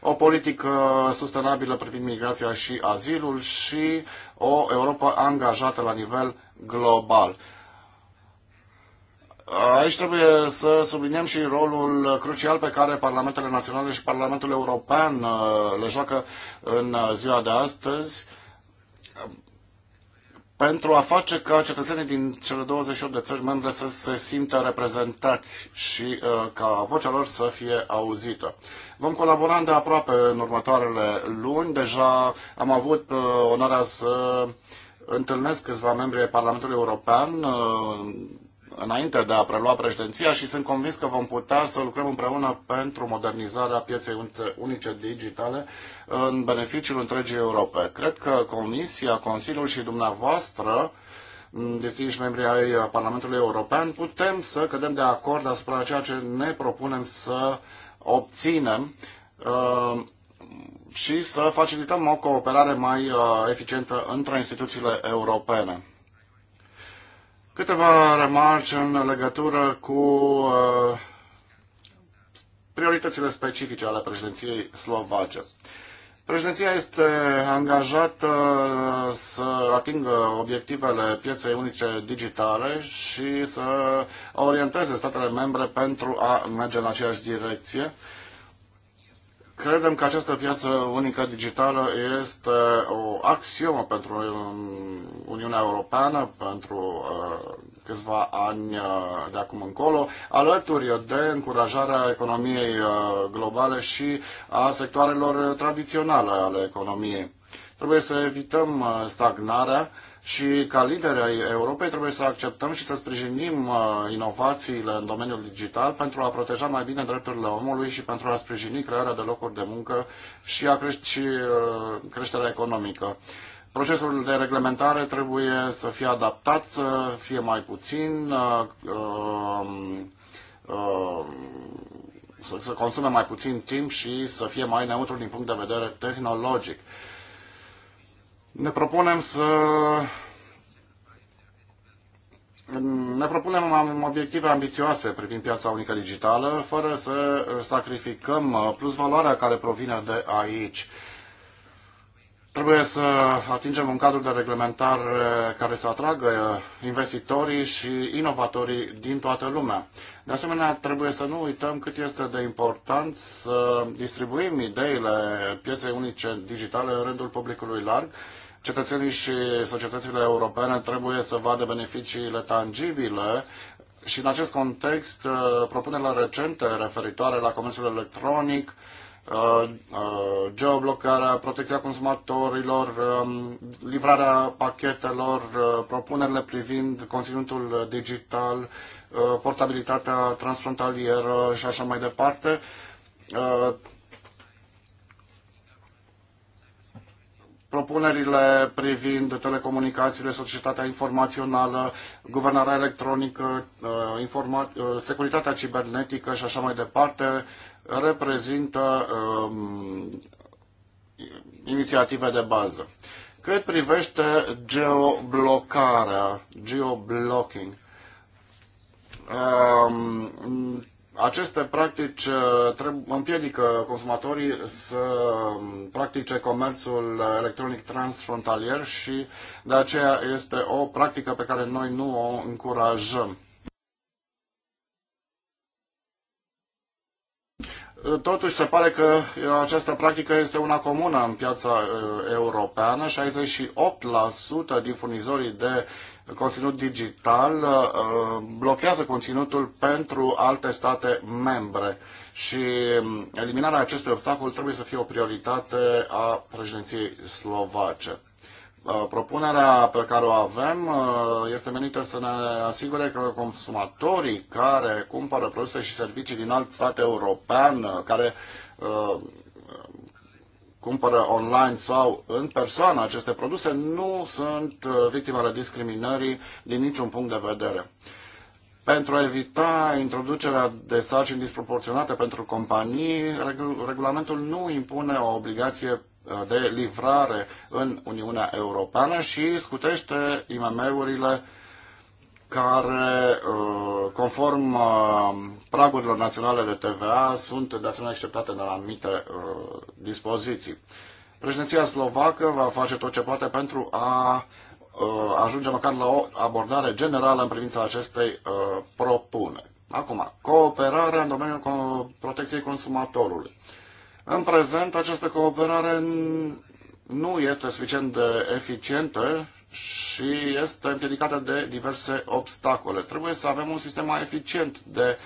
o politică sustenabilă privind migrația și azilul și o Europa angajată la nivel global. Aici trebuie să subliniem și rolul crucial pe care Parlamentele Naționale și Parlamentul European uh, le joacă în ziua de astăzi pentru a face ca cetățenii din cele 28 de țări membre să se simtă reprezentați și uh, ca vocea lor să fie auzită. Vom colabora de aproape în următoarele luni. Deja am avut uh, onoarea să întâlnesc câțiva membri ai Parlamentului European uh, înainte de a prelua președinția și sunt convins că vom putea să lucrăm împreună pentru modernizarea pieței unice digitale în beneficiul întregii Europe. Cred că Comisia, Consiliul și dumneavoastră distinși membrii ai Parlamentului European, putem să cădem de acord asupra ceea ce ne propunem să obținem uh, și să facilităm o cooperare mai uh, eficientă între instituțiile europene. Câteva remarci în legătură cu uh, prioritățile specifice ale președinției slovace. Președinția este angajată uh, să atingă obiectivele pieței unice digitale și să orienteze statele membre pentru a merge în aceeași direcție. Credem că această piață unică digitală este o axiomă pentru um, Uniunea Europeană pentru uh, câțiva ani uh, de acum încolo, alături de încurajarea economiei uh, globale și a sectoarelor tradiționale ale economiei. Trebuie să evităm stagnarea și ca lideri ai Europei trebuie să acceptăm și să sprijinim uh, inovațiile în domeniul digital pentru a proteja mai bine drepturile omului și pentru a sprijini crearea de locuri de muncă și, a creș- și uh, creșterea economică. Procesul de reglementare trebuie să fie adaptat, să fie mai puțin, uh, um, um, să consume mai puțin timp și să fie mai neutru din punct de vedere tehnologic. Ne propunem să ne propunem obiective ambițioase privind piața unică digitală, fără să uh, sacrificăm uh, plus valoarea care provine de aici. Trebuie să atingem un cadru de reglementar care să atragă uh, investitorii și inovatorii din toată lumea. De asemenea, trebuie să nu uităm cât este de important să distribuim ideile pieței unice digitale în rândul publicului larg cetățenii și societățile europene trebuie să vadă beneficiile tangibile și în acest context, uh, propunerile recente referitoare la comerțul electronic, uh, uh, geoblocarea, protecția consumatorilor, um, livrarea pachetelor, propunerile privind conținutul digital, portabilitatea transfrontalieră și așa mai departe, propunerile privind telecomunicațiile, societatea informațională, guvernarea electronică, uh, uh, securitatea cibernetică și așa mai departe, reprezintă um, inițiative de bază. Cât privește geoblocarea, geoblocking, um, aceste practici uh, împiedică consumatorii să um, practice comerțul electronic transfrontalier și de aceea este o practică pe care noi nu o încurajăm. Totuși se pare că uh, această practică este una comună în piața uh, europeană. 68% din furnizorii de conținut digital uh, blochează conținutul pentru alte state membre și um, eliminarea acestui obstacol trebuie să fie o prioritate a președinției slovace. Uh, propunerea pe care o avem uh, este menită să ne asigure că consumatorii care cumpără produse și servicii din alt stat european, care cumpără online sau în persoană aceste produse nu sunt uh, victimele discriminării din niciun punct de vedere. Pentru a evita introducerea de sarcini disproporționate pentru companii, regulamentul nu impune o obligație uh, de livrare în Uniunea Europeană și scutește IMM-urile care, uh, conform uh, pragurilor naționale de TVA, sunt de asemenea acceptate de anumite uh, dispoziții. Președinția slovacă va face tot ce poate pentru a ajunge măcar la o abordare generală în privința acestei propuneri. Acum, cooperarea în domeniul protecției consumatorului. În prezent, această cooperare nu este suficient de eficientă și este împiedicată de diverse obstacole. Trebuie să avem un sistem mai eficient de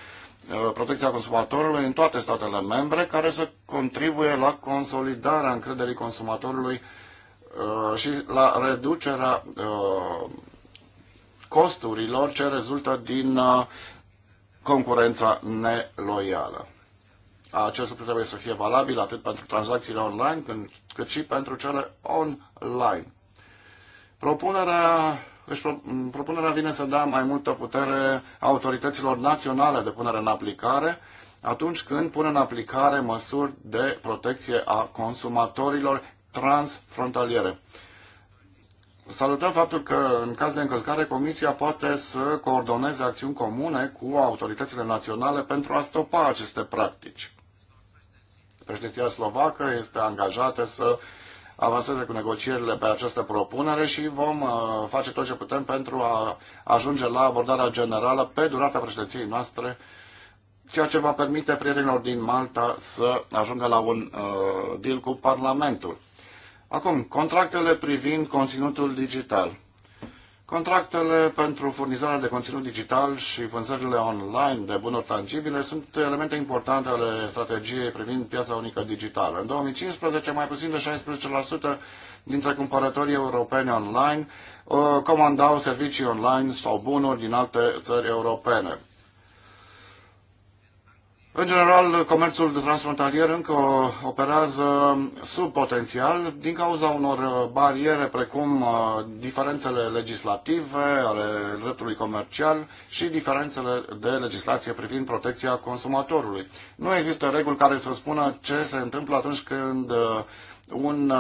uh, protecția consumatorului în toate statele membre, care să contribuie la consolidarea încrederii consumatorului uh, și la reducerea uh, costurilor ce rezultă din concurența neloială. Acest lucru trebuie să fie valabil atât pentru tranzacțiile online cât și pentru cele online. Propunerea, își pro, propunerea vine să dea mai multă putere autorităților naționale de punere în aplicare atunci când pun în aplicare măsuri de protecție a consumatorilor transfrontaliere. Salutăm faptul că, în caz de încălcare, Comisia poate să coordoneze acțiuni comune cu autoritățile naționale pentru a stopa aceste practici. Președinția slovacă este angajată să avanseze cu negocierile pe această propunere și vom uh, face tot ce putem pentru a ajunge la abordarea generală pe durata președinției noastre, ceea ce va permite prietenilor din Malta să ajungă la un uh, deal cu Parlamentul. Acum, contractele privind conținutul digital. Contractele pentru furnizarea de conținut digital și vânzările online de bunuri tangibile sunt elemente importante ale strategiei privind piața unică digitală. În 2015, mai puțin de 16% dintre cumpărătorii europeni online uh, comandau servicii online sau bunuri din alte țări europene. În general, comerțul transfrontalier încă operează sub potențial din cauza unor uh, bariere precum uh, diferențele legislative ale dreptului comercial și diferențele de legislație privind protecția consumatorului. Nu există reguli care să spună ce se întâmplă atunci când uh, un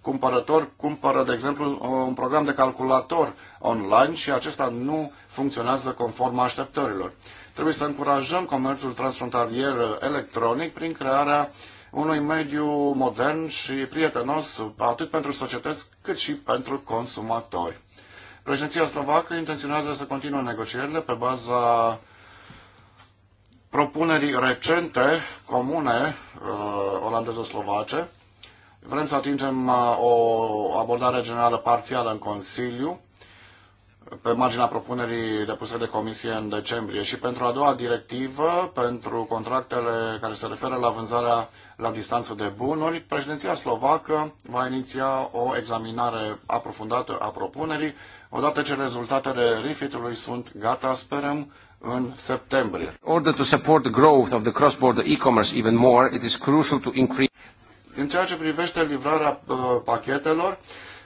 cumpărător cumpără, de exemplu, un program de calculator online și acesta nu funcționează conform așteptărilor. Trebuie să încurajăm comerțul transfrontalier electronic prin crearea unui mediu modern și prietenos atât pentru societăți cât și pentru consumatori. Președinția slovacă intenționează să continue negocierile pe baza propunerii recente comune uh, olandezo-slovace. Vrem să atingem uh, o abordare generală parțială în Consiliu pe marginea propunerii depuse de comisie în decembrie și pentru a doua directivă, pentru contractele care se referă la vânzarea la distanță de bunuri, președinția slovacă va iniția o examinare aprofundată a propunerii. Odată ce rezultatele refitului sunt gata, sperăm în septembrie. Order to support the growth of the cross-border e-commerce even more, it is crucial to increase în ceea ce privește livrarea uh, pachetelor,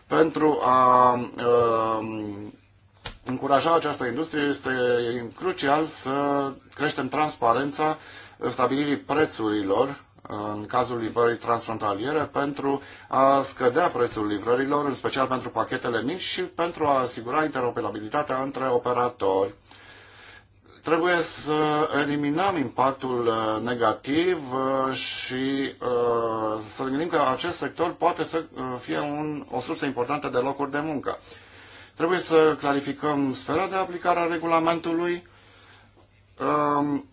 pentru a uh, încuraja această industrie este crucial să creștem transparența stabilirii prețurilor în cazul livrării transfrontaliere pentru a scădea prețul livrărilor, în special pentru pachetele mici și pentru a asigura interoperabilitatea între operatori. Trebuie să eliminăm impactul uh, negativ uh, și uh, să ne gândim că acest sector poate să fie un, o sursă importantă de locuri de muncă. Trebuie să clarificăm sfera de aplicare a regulamentului um,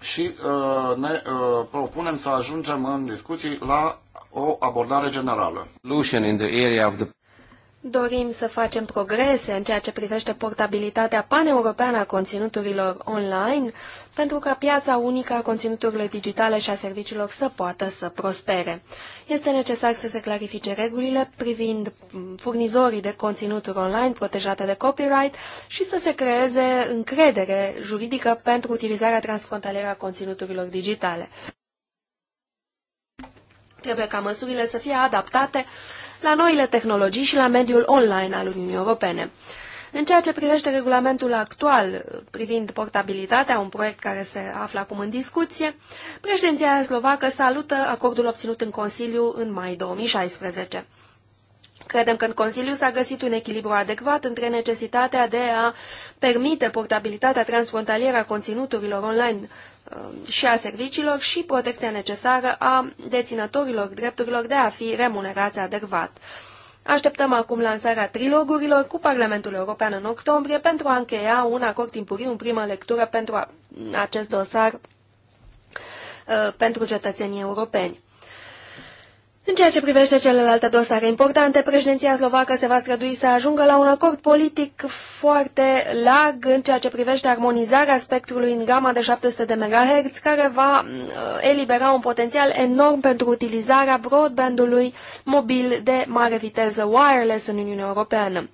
și uh, ne uh, propunem să ajungem în discuții la o abordare generală. Dorim să facem progrese în ceea ce privește portabilitatea paneuropeană a conținuturilor online, pentru ca piața unică a conținuturilor digitale și a serviciilor să poată să prospere. Este necesar să se clarifice regulile privind mm, furnizorii de conținuturi online protejate de copyright și să se creeze încredere juridică pentru utilizarea transfrontalieră a conținuturilor digitale. Trebuie ca măsurile să fie adaptate la noile tehnologii și la mediul online al Uniunii Europene. În ceea ce privește regulamentul actual privind portabilitatea, un proiect care se află acum în discuție, președinția slovacă salută acordul obținut în Consiliu în mai 2016. Credem că în Consiliu s-a găsit un echilibru adecvat între necesitatea de a permite portabilitatea transfrontalieră a conținuturilor online uh, și a serviciilor și protecția necesară a deținătorilor drepturilor de a fi remunerați adecvat. Așteptăm acum lansarea trilogurilor cu Parlamentul European în octombrie pentru a încheia un acord timpuriu în primă lectură pentru acest dosar uh, pentru cetățenii europeni. În ceea ce privește celelalte dosare importante, președinția slovacă se va strădui să ajungă la un acord politic foarte larg în ceea ce privește armonizarea spectrului în gama de 700 de MHz, care va mm, elibera un potențial enorm pentru utilizarea broadbandului mobil de mare viteză wireless în Uniunea Europeană.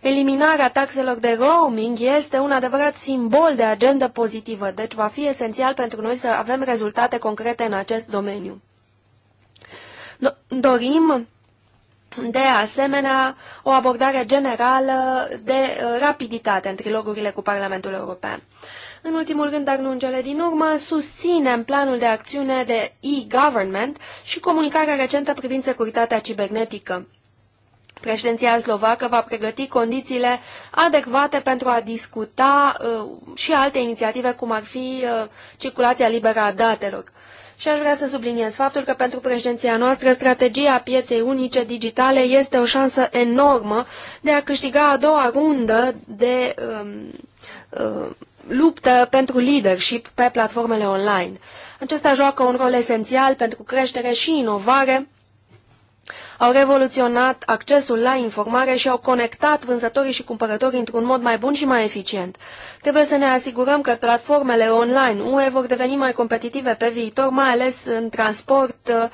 Eliminarea taxelor de roaming este un adevărat simbol de agendă pozitivă, deci va fi esențial pentru noi să avem rezultate concrete în acest domeniu. Dorim de asemenea, o abordare generală de uh, rapiditate în trilogurile cu Parlamentul European. În ultimul rând, dar nu în cele din urmă, susținem planul de acțiune de e-government și comunicarea recentă privind securitatea cibernetică. Președinția slovacă va pregăti condițiile adecvate pentru a discuta uh, și alte inițiative, cum ar fi uh, circulația liberă a datelor și aș vrea să subliniez faptul că pentru președinția noastră strategia pieței unice digitale este o șansă enormă de a câștiga a doua rundă de um, um, luptă pentru leadership pe platformele online. Acesta joacă un rol esențial pentru creștere și inovare au revoluționat accesul la informare și au conectat vânzătorii și cumpărătorii într-un mod mai bun și mai eficient. Trebuie să ne asigurăm că platformele online UE vor deveni mai competitive pe viitor, mai ales în transport, uh,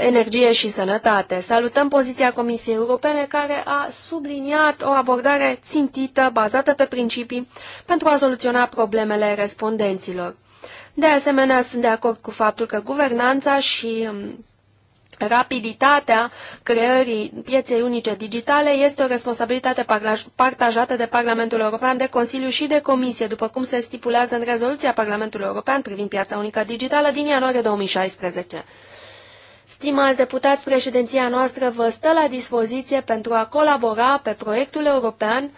energie și sănătate. Salutăm poziția Comisiei Europene care a subliniat o abordare țintită, bazată pe principii, pentru a soluționa problemele respondenților. De asemenea, sunt de acord cu faptul că guvernanța și um, Rapiditatea creării pieței unice digitale este o responsabilitate partajată de Parlamentul European, de Consiliu și de Comisie, după cum se stipulează în rezoluția Parlamentului European privind piața unică digitală din ianuarie 2016. Stimați deputați, președinția noastră vă stă la dispoziție pentru a colabora pe proiectul european,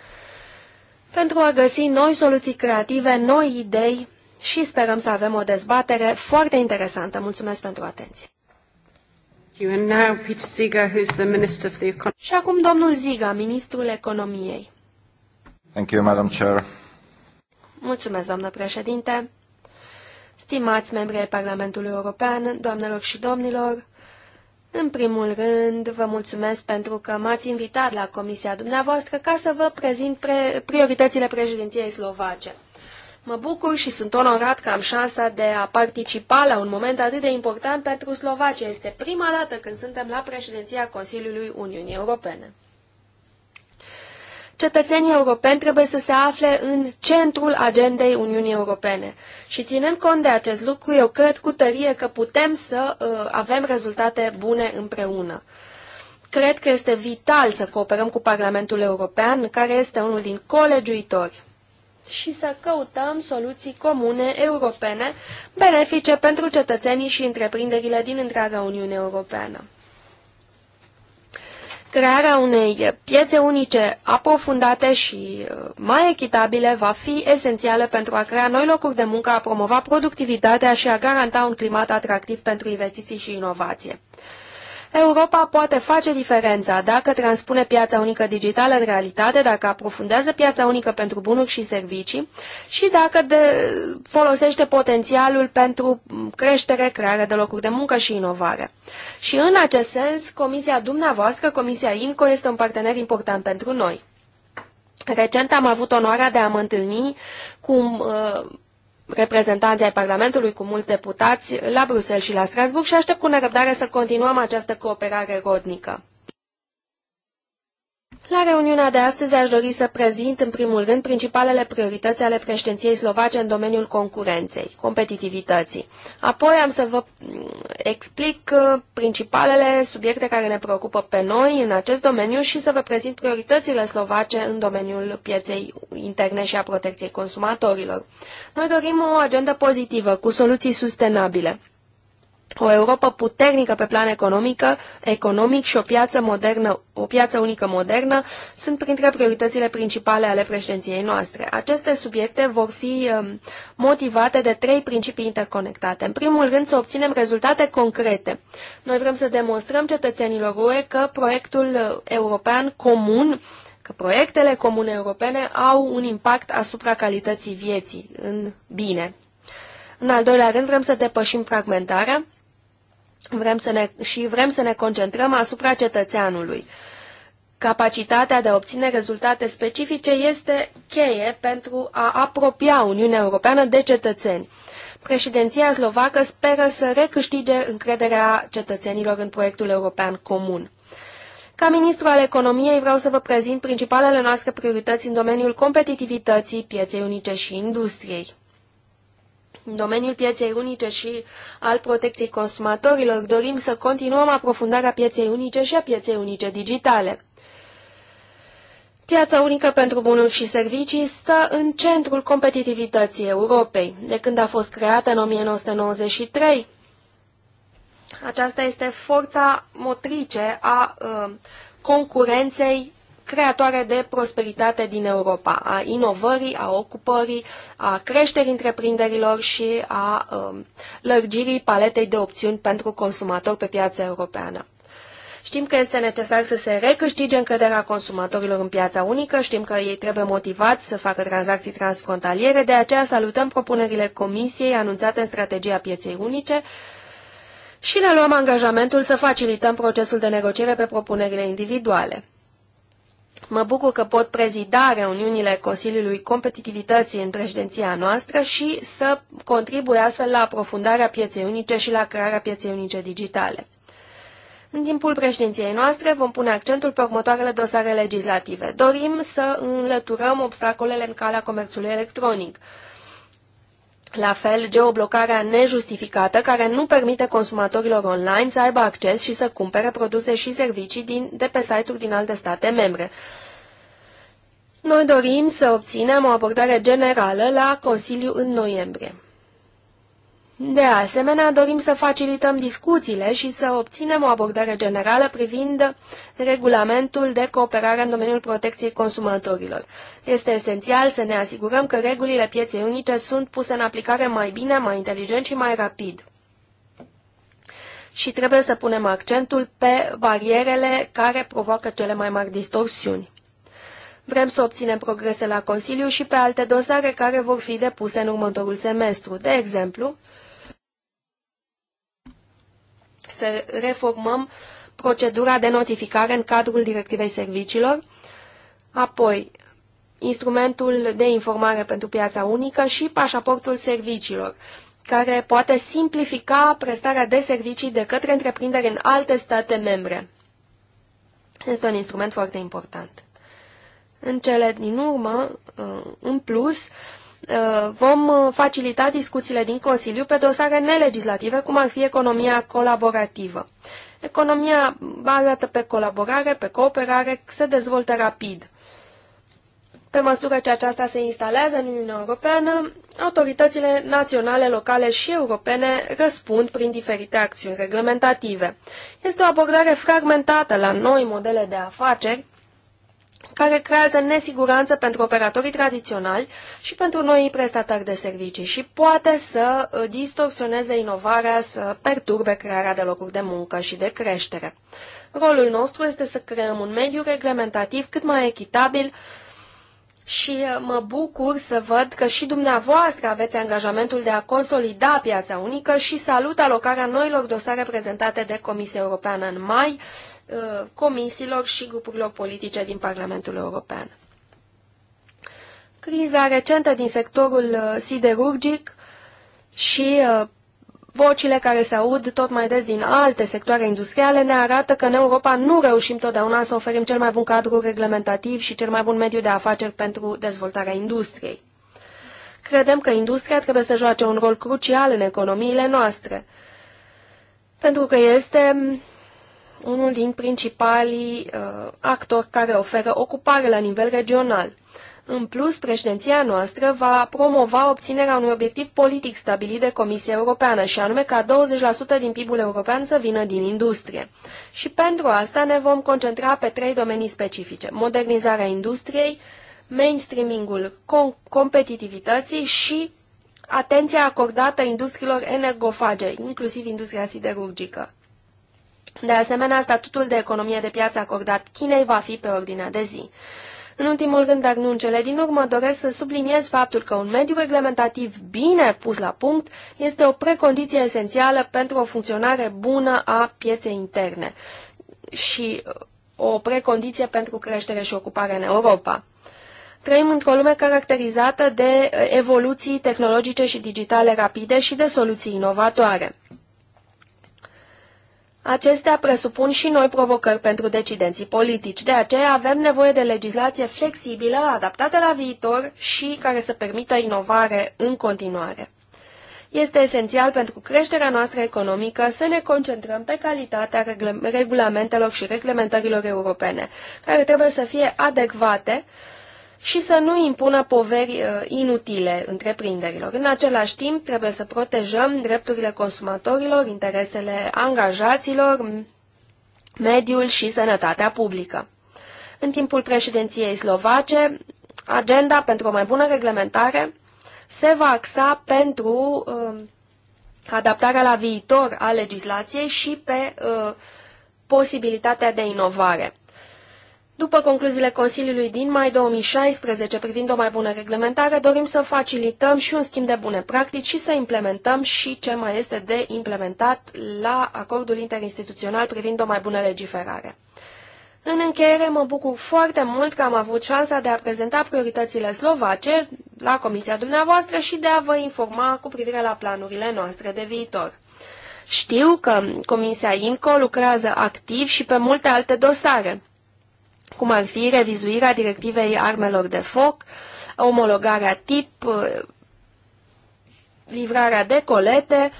pentru a găsi noi soluții creative, noi idei și sperăm să avem o dezbatere foarte interesantă. Mulțumesc pentru atenție! Și acum domnul Ziga, Ministrul Economiei. Thank you, Madam Chair. Mulțumesc, doamnă președinte. Stimați membri ai Parlamentului European, doamnelor și domnilor, în primul rând, vă mulțumesc pentru că m-ați invitat la comisia dumneavoastră ca să vă prezint pre prioritățile președinției slovace. Mă bucur și sunt onorat că am șansa de a participa la un moment atât de important pentru Slovacia. Este prima dată când suntem la președinția Consiliului Uniunii Europene. Cetățenii europeni trebuie să se afle în centrul agendei Uniunii Europene. Și ținând cont de acest lucru, eu cred cu tărie că putem să uh, avem rezultate bune împreună. Cred că este vital să cooperăm cu Parlamentul European, care este unul din colegiuitori și să căutăm soluții comune europene benefice pentru cetățenii și întreprinderile din întreaga Uniune Europeană. Crearea unei piețe unice aprofundate și uh, mai echitabile va fi esențială pentru a crea noi locuri de muncă, a promova productivitatea și a garanta un climat atractiv pentru investiții și inovație. Europa poate face diferența dacă transpune piața unică digitală în realitate, dacă aprofundează piața unică pentru bunuri și servicii și dacă de, folosește potențialul pentru creștere, creare de locuri de muncă și inovare. Și în acest sens, Comisia dumneavoastră, Comisia INCO, este un partener important pentru noi. Recent am avut onoarea de a mă întâlni cu uh, reprezentanții ai Parlamentului cu mulți deputați la Bruxelles și la Strasburg și aștept cu nerăbdare să continuăm această cooperare rodnică. La reuniunea de astăzi aș dori să prezint în primul rând principalele priorități ale președinției slovace în domeniul concurenței, competitivității. Apoi am să vă mm, explic uh, principalele subiecte care ne preocupă pe noi în acest domeniu și să vă prezint prioritățile slovace în domeniul pieței interne și a protecției consumatorilor. Noi dorim o agendă pozitivă cu soluții sustenabile o Europa puternică pe plan economică, economic și o piață, modernă, o piață unică modernă sunt printre prioritățile principale ale președinției noastre. Aceste subiecte vor fi um, motivate de trei principii interconectate. În primul rând, să obținem rezultate concrete. Noi vrem să demonstrăm cetățenilor UE că proiectul uh, european comun că proiectele comune europene au un impact asupra calității vieții în bine. În al doilea rând, vrem să depășim fragmentarea vrem să ne, și vrem să ne concentrăm asupra cetățeanului. Capacitatea de a obține rezultate specifice este cheie pentru a apropia Uniunea Europeană de cetățeni. Președinția slovacă speră să recâștige încrederea cetățenilor în proiectul european comun. Ca ministru al economiei vreau să vă prezint principalele noastre priorități în domeniul competitivității, pieței unice și industriei. În domeniul pieței unice și al protecției consumatorilor dorim să continuăm aprofundarea pieței unice și a pieței unice digitale. Piața unică pentru bunuri și servicii stă în centrul competitivității Europei. De când a fost creată în 1993, aceasta este forța motrice a uh, concurenței creatoare de prosperitate din Europa, a inovării, a ocupării, a creșterii întreprinderilor și a um, lărgirii paletei de opțiuni pentru consumatori pe piața europeană. Știm că este necesar să se recâștige încrederea consumatorilor în piața unică, știm că ei trebuie motivați să facă tranzacții transfrontaliere, de aceea salutăm propunerile Comisiei anunțate în strategia pieței unice, și ne luăm angajamentul să facilităm procesul de negociere pe propunerile individuale. Mă bucur că pot prezida reuniunile Consiliului Competitivității în președinția noastră și să contribuie astfel la aprofundarea pieței unice și la crearea pieței unice digitale. În timpul președinției noastre vom pune accentul pe următoarele dosare legislative. Dorim să înlăturăm obstacolele în calea comerțului electronic. La fel, geoblocarea nejustificată, care nu permite consumatorilor online să aibă acces și să cumpere produse și servicii din, de pe site-uri din alte state membre. Noi dorim să obținem o abordare generală la Consiliu în noiembrie. De asemenea, dorim să facilităm discuțiile și să obținem o abordare generală privind regulamentul de cooperare în domeniul protecției consumatorilor. Este esențial să ne asigurăm că regulile pieței unice sunt puse în aplicare mai bine, mai inteligent și mai rapid. Și trebuie să punem accentul pe barierele care provoacă cele mai mari distorsiuni. Vrem să obținem progrese la Consiliu și pe alte dosare care vor fi depuse în următorul semestru. De exemplu, să reformăm procedura de notificare în cadrul directivei serviciilor, apoi instrumentul de informare pentru piața unică și pașaportul serviciilor, care poate simplifica prestarea de servicii de către întreprinderi în alte state membre. Este un instrument foarte important. În cele din urmă, uh, în plus, Uh, vom uh, facilita discuțiile din Consiliu pe dosare nelegislative, cum ar fi economia colaborativă. Economia bazată pe colaborare, pe cooperare, se dezvoltă rapid. Pe măsură ce aceasta se instalează în Uniunea Europeană, autoritățile naționale, locale și europene răspund prin diferite acțiuni reglementative. Este o abordare fragmentată la noi modele de afaceri care creează nesiguranță pentru operatorii tradiționali și pentru noi prestatari de servicii și poate să uh, distorsioneze inovarea, să perturbe crearea de locuri de muncă și de creștere. Rolul nostru este să creăm un mediu reglementativ cât mai echitabil și uh, mă bucur să văd că și dumneavoastră aveți angajamentul de a consolida piața unică și salut alocarea noilor dosare prezentate de Comisia Europeană în mai Uh, comisiilor și grupurilor politice din Parlamentul European. Criza recentă din sectorul uh, siderurgic și uh, vocile care se aud tot mai des din alte sectoare industriale ne arată că în Europa nu reușim totdeauna să oferim cel mai bun cadru reglementativ și cel mai bun mediu de afaceri pentru dezvoltarea industriei. Credem că industria trebuie să joace un rol crucial în economiile noastre, pentru că este unul din principalii uh, actori care oferă ocupare la nivel regional. În plus, președinția noastră va promova obținerea unui obiectiv politic stabilit de Comisia Europeană, și anume ca 20% din PIB-ul european să vină din industrie. Și pentru asta ne vom concentra pe trei domenii specifice. Modernizarea industriei, mainstreamingul com competitivității și atenția acordată industriilor energofage, inclusiv industria siderurgică. De asemenea, statutul de economie de piață acordat Chinei va fi pe ordinea de zi. În ultimul rând, dar nu în cele din urmă, doresc să subliniez faptul că un mediu reglementativ bine pus la punct este o precondiție esențială pentru o funcționare bună a pieței interne și uh, o precondiție pentru creștere și ocupare în Europa. Trăim într-o lume caracterizată de uh, evoluții tehnologice și digitale rapide și de soluții inovatoare. Acestea presupun și noi provocări pentru decidenții politici. De aceea avem nevoie de legislație flexibilă, adaptată la viitor și care să permită inovare în continuare. Este esențial pentru creșterea noastră economică să ne concentrăm pe calitatea regulamentelor și reglementărilor europene, care trebuie să fie adecvate și să nu impună poveri uh, inutile întreprinderilor. În același timp, trebuie să protejăm drepturile consumatorilor, interesele angajaților, mediul și sănătatea publică. În timpul președinției slovace, agenda pentru o mai bună reglementare se va axa pentru uh, adaptarea la viitor a legislației și pe uh, posibilitatea de inovare. După concluziile Consiliului din mai 2016 privind o mai bună reglementare, dorim să facilităm și un schimb de bune practici și să implementăm și ce mai este de implementat la acordul interinstituțional privind o mai bună legiferare. În încheiere, mă bucur foarte mult că am avut șansa de a prezenta prioritățile slovace la comisia dumneavoastră și de a vă informa cu privire la planurile noastre de viitor. Știu că Comisia INCO lucrează activ și pe multe alte dosare cum ar fi revizuirea directivei armelor de foc, omologarea tip, eh, livrarea de colete,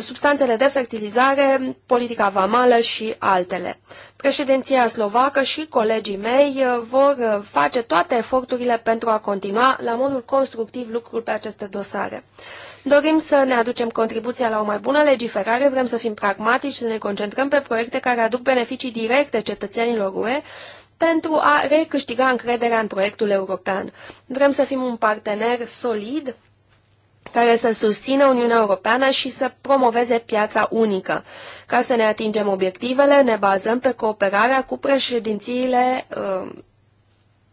substanțele de fertilizare, politica vamală și altele. Președinția slovacă și colegii mei eh, vor eh, face toate eforturile pentru a continua la modul constructiv lucrul pe aceste dosare. Dorim să ne aducem contribuția la o mai bună legiferare, vrem să fim pragmatici, să ne concentrăm pe proiecte care aduc beneficii directe cetățenilor UE pentru a recâștiga încrederea în proiectul european. Vrem să fim un partener solid care să susțină Uniunea Europeană și să promoveze piața unică. Ca să ne atingem obiectivele, ne bazăm pe cooperarea cu președințiile uh,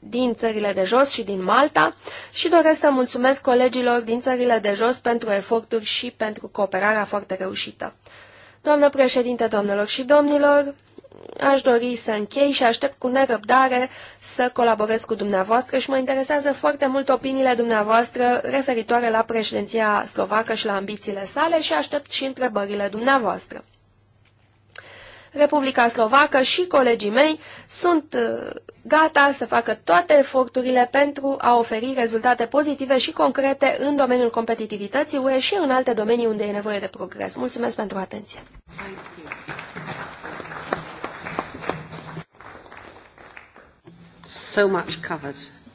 din țările de jos și din Malta și doresc să mulțumesc colegilor din țările de jos pentru eforturi și pentru cooperarea foarte reușită. Doamnă președinte, doamnelor și domnilor, aș dori să închei și aștept cu nerăbdare să colaborez cu dumneavoastră și mă interesează foarte mult opiniile dumneavoastră referitoare la președinția slovacă și la ambițiile sale și aștept și întrebările dumneavoastră. Republica Slovacă și colegii mei sunt uh, gata să facă toate eforturile pentru a oferi rezultate pozitive și concrete în domeniul competitivității UE și în alte domenii unde e nevoie de progres. Mulțumesc pentru atenție!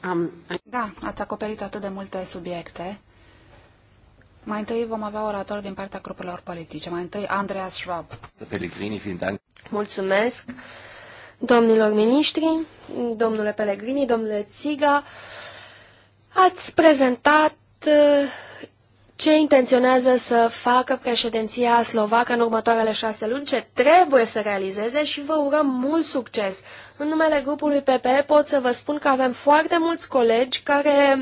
Um, da, ați acoperit atât de multe subiecte. Mai întâi vom avea orator din partea grupurilor politice. Mai întâi Andreas Schwab. Mulțumesc, domnilor miniștri, domnule Pellegrini, domnule Țiga. Ați prezentat uh, ce intenționează să facă președinția slovacă în următoarele șase luni, ce trebuie să realizeze și vă urăm mult succes. În numele grupului PPE pot să vă spun că avem foarte mulți colegi care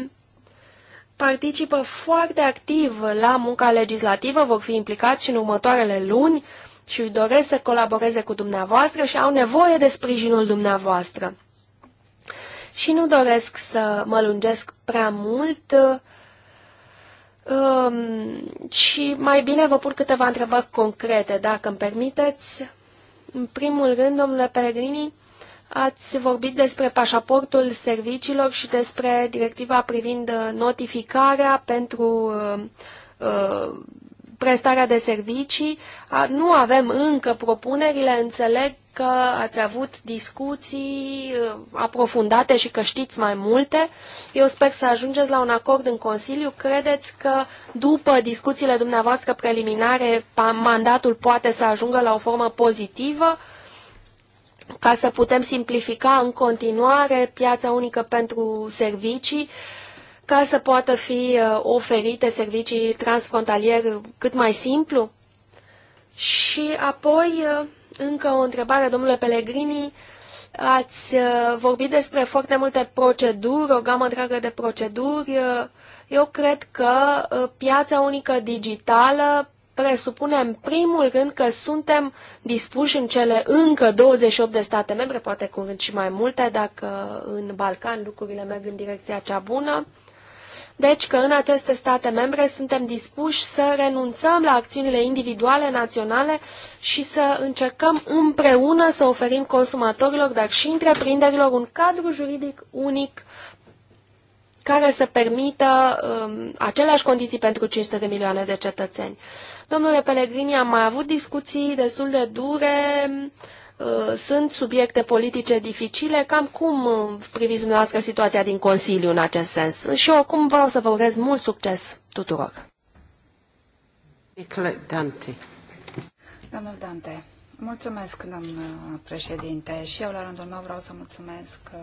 participă foarte activ la munca legislativă, vor fi implicați și în următoarele luni și doresc să colaboreze cu dumneavoastră și au nevoie de sprijinul dumneavoastră. Și nu doresc să mă lungesc prea mult um, și mai bine vă pun câteva întrebări concrete, dacă îmi permiteți. În primul rând, domnule Peregrini, Ați vorbit despre pașaportul serviciilor și despre directiva privind uh, notificarea pentru uh, uh, prestarea de servicii. Nu avem încă propunerile, înțeleg că ați avut discuții uh, aprofundate și că știți mai multe. Eu sper să ajungeți la un acord în Consiliu. Credeți că după discuțiile dumneavoastră preliminare mandatul poate să ajungă la o formă pozitivă? ca să putem simplifica în continuare piața unică pentru servicii, ca să poată fi uh, oferite servicii transfrontalier cât mai simplu? Și apoi, uh, încă o întrebare, domnule Pellegrini, ați uh, vorbit despre foarte multe proceduri, o gamă întreagă de proceduri. Eu cred că piața unică digitală presupune în primul rând că suntem dispuși în cele încă 28 de state membre, poate curând și mai multe, dacă în Balcan lucrurile merg în direcția cea bună, deci că în aceste state membre suntem dispuși să renunțăm la acțiunile individuale naționale și să încercăm împreună să oferim consumatorilor, dar și întreprinderilor, un cadru juridic unic care să permită um, aceleași condiții pentru 500 de milioane de cetățeni. Domnule Pelegrini, am mai avut discuții destul de dure, uh, sunt subiecte politice dificile. Cam cum uh, priviți dumneavoastră situația din Consiliu în acest sens? Și oricum vreau să vă urez mult succes tuturor. Dante. Domnul Dante, mulțumesc, domn președinte, și eu la rândul meu vreau să mulțumesc uh,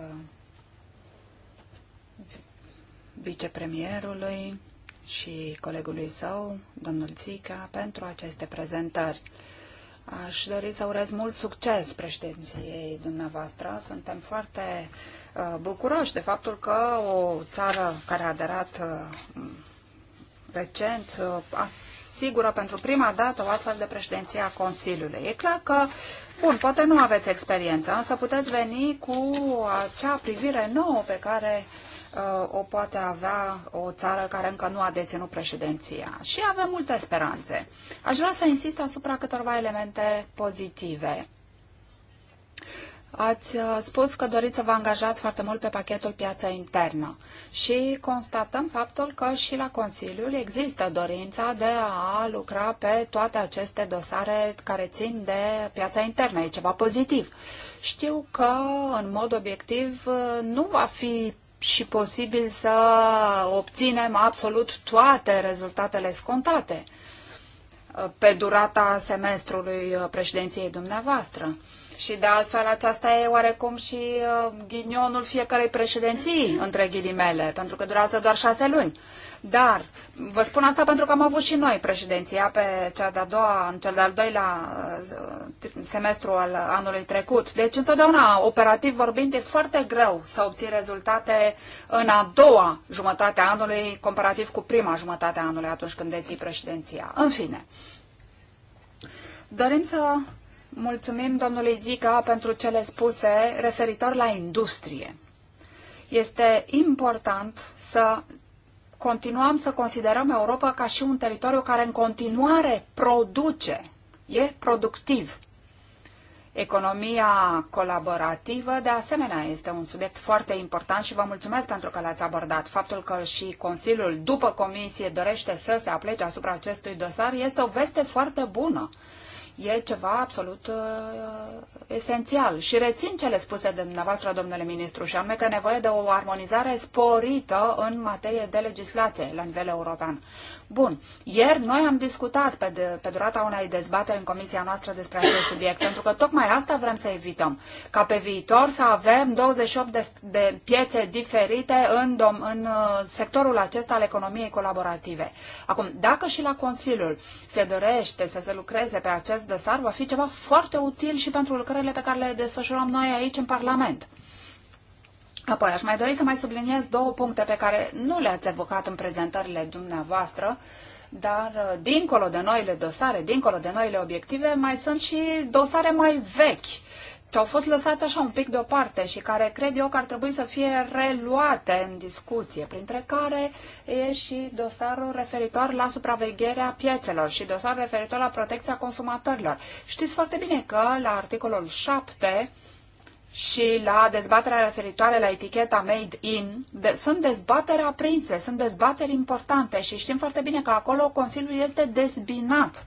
vicepremierului și colegului său, domnul Țica, pentru aceste prezentări. Aș dori să urez mult succes președinției dumneavoastră. Suntem foarte uh, bucuroși de faptul că o țară care a aderat uh, recent uh, asigură pentru prima dată o astfel de președinție a Consiliului. E clar că Bun, poate nu aveți experiență, însă puteți veni cu acea privire nouă pe care uh, o poate avea o țară care încă nu a deținut președinția. Și avem multe speranțe. Aș vrea să insist asupra câtorva elemente pozitive. Ați uh, spus că doriți să vă angajați foarte mult pe pachetul piața internă și constatăm faptul că și la Consiliul există dorința de a lucra pe toate aceste dosare care țin de piața internă. E ceva pozitiv. Știu că, în mod obiectiv, uh, nu va fi și posibil să obținem absolut toate rezultatele scontate uh, pe durata semestrului uh, președinției dumneavoastră. Și de altfel aceasta e oarecum și uh, ghinionul fiecarei președinții, între ghilimele, pentru că durează doar șase luni. Dar vă spun asta pentru că am avut și noi președinția pe cea de-a doua, în cel de-al doilea uh, semestru al anului trecut. Deci întotdeauna, operativ vorbind, e foarte greu să obții rezultate în a doua jumătate a anului, comparativ cu prima jumătate a anului, atunci când deții președinția. În fine, dorim să Mulțumim domnului Zica pentru cele spuse referitor la industrie. Este important să continuăm să considerăm Europa ca și un teritoriu care în continuare produce, e productiv. Economia colaborativă, de asemenea, este un subiect foarte important și vă mulțumesc pentru că l-ați abordat. Faptul că și Consiliul, după comisie, dorește să se aplece asupra acestui dosar este o veste foarte bună e ceva absolut uh, esențial. Și rețin cele spuse de dumneavoastră, domnule ministru, și anume că nevoie de o armonizare sporită în materie de legislație la nivel european. Bun, ieri noi am discutat pe, de, pe durata unei dezbateri în comisia noastră despre acest subiect, pentru că tocmai asta vrem să evităm, ca pe viitor să avem 28 de, de piețe diferite în, dom, în uh, sectorul acesta al economiei colaborative. Acum, dacă și la Consiliul se dorește să se lucreze pe acest acest dosar va fi ceva foarte util și pentru lucrările pe care le desfășurăm noi aici în Parlament. Apoi, aș mai dori să mai subliniez două puncte pe care nu le-ați evocat în prezentările dumneavoastră, dar uh, dincolo de noile dosare, dincolo de noile obiective, mai sunt și dosare mai vechi ce au fost lăsate așa un pic deoparte și care cred eu că ar trebui să fie reluate în discuție, printre care e și dosarul referitor la supravegherea piețelor și dosarul referitor la protecția consumatorilor. Știți foarte bine că la articolul 7 și la dezbaterea referitoare la eticheta Made In, de, sunt dezbateri aprinse, sunt dezbateri importante și știm foarte bine că acolo Consiliul este dezbinat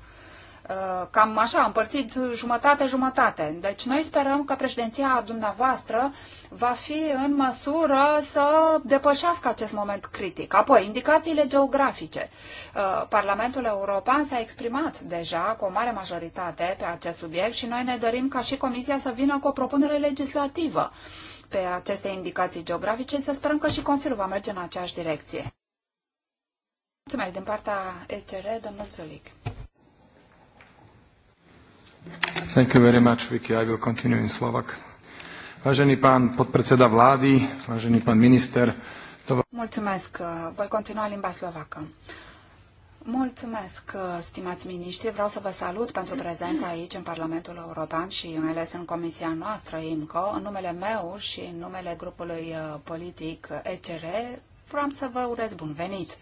Uh, cam așa, împărțit jumătate-jumătate. Deci noi sperăm că președinția dumneavoastră va fi în măsură să depășească acest moment critic. Apoi, indicațiile geografice. Uh, Parlamentul European s-a exprimat deja cu o mare majoritate pe acest subiect și noi ne dorim ca și Comisia să vină cu o propunere legislativă pe aceste indicații geografice. Să sperăm că și Consiliul va merge în aceeași direcție. Mulțumesc din partea ECR, domnul Zulic. Thank you very much, Vicky. I will continue in Slovak. Vážený pán podpredseda vlády, vážený pán minister, to... Mulțumesc. Voi continua limba slovacă. Mulțumesc, stimați miniștri. Vreau să vă salut pentru prezența aici în Parlamentul European și mai ales în comisia noastră IMCO. În numele meu și în numele grupului uh, politic ECR vreau să vă urez bun venit.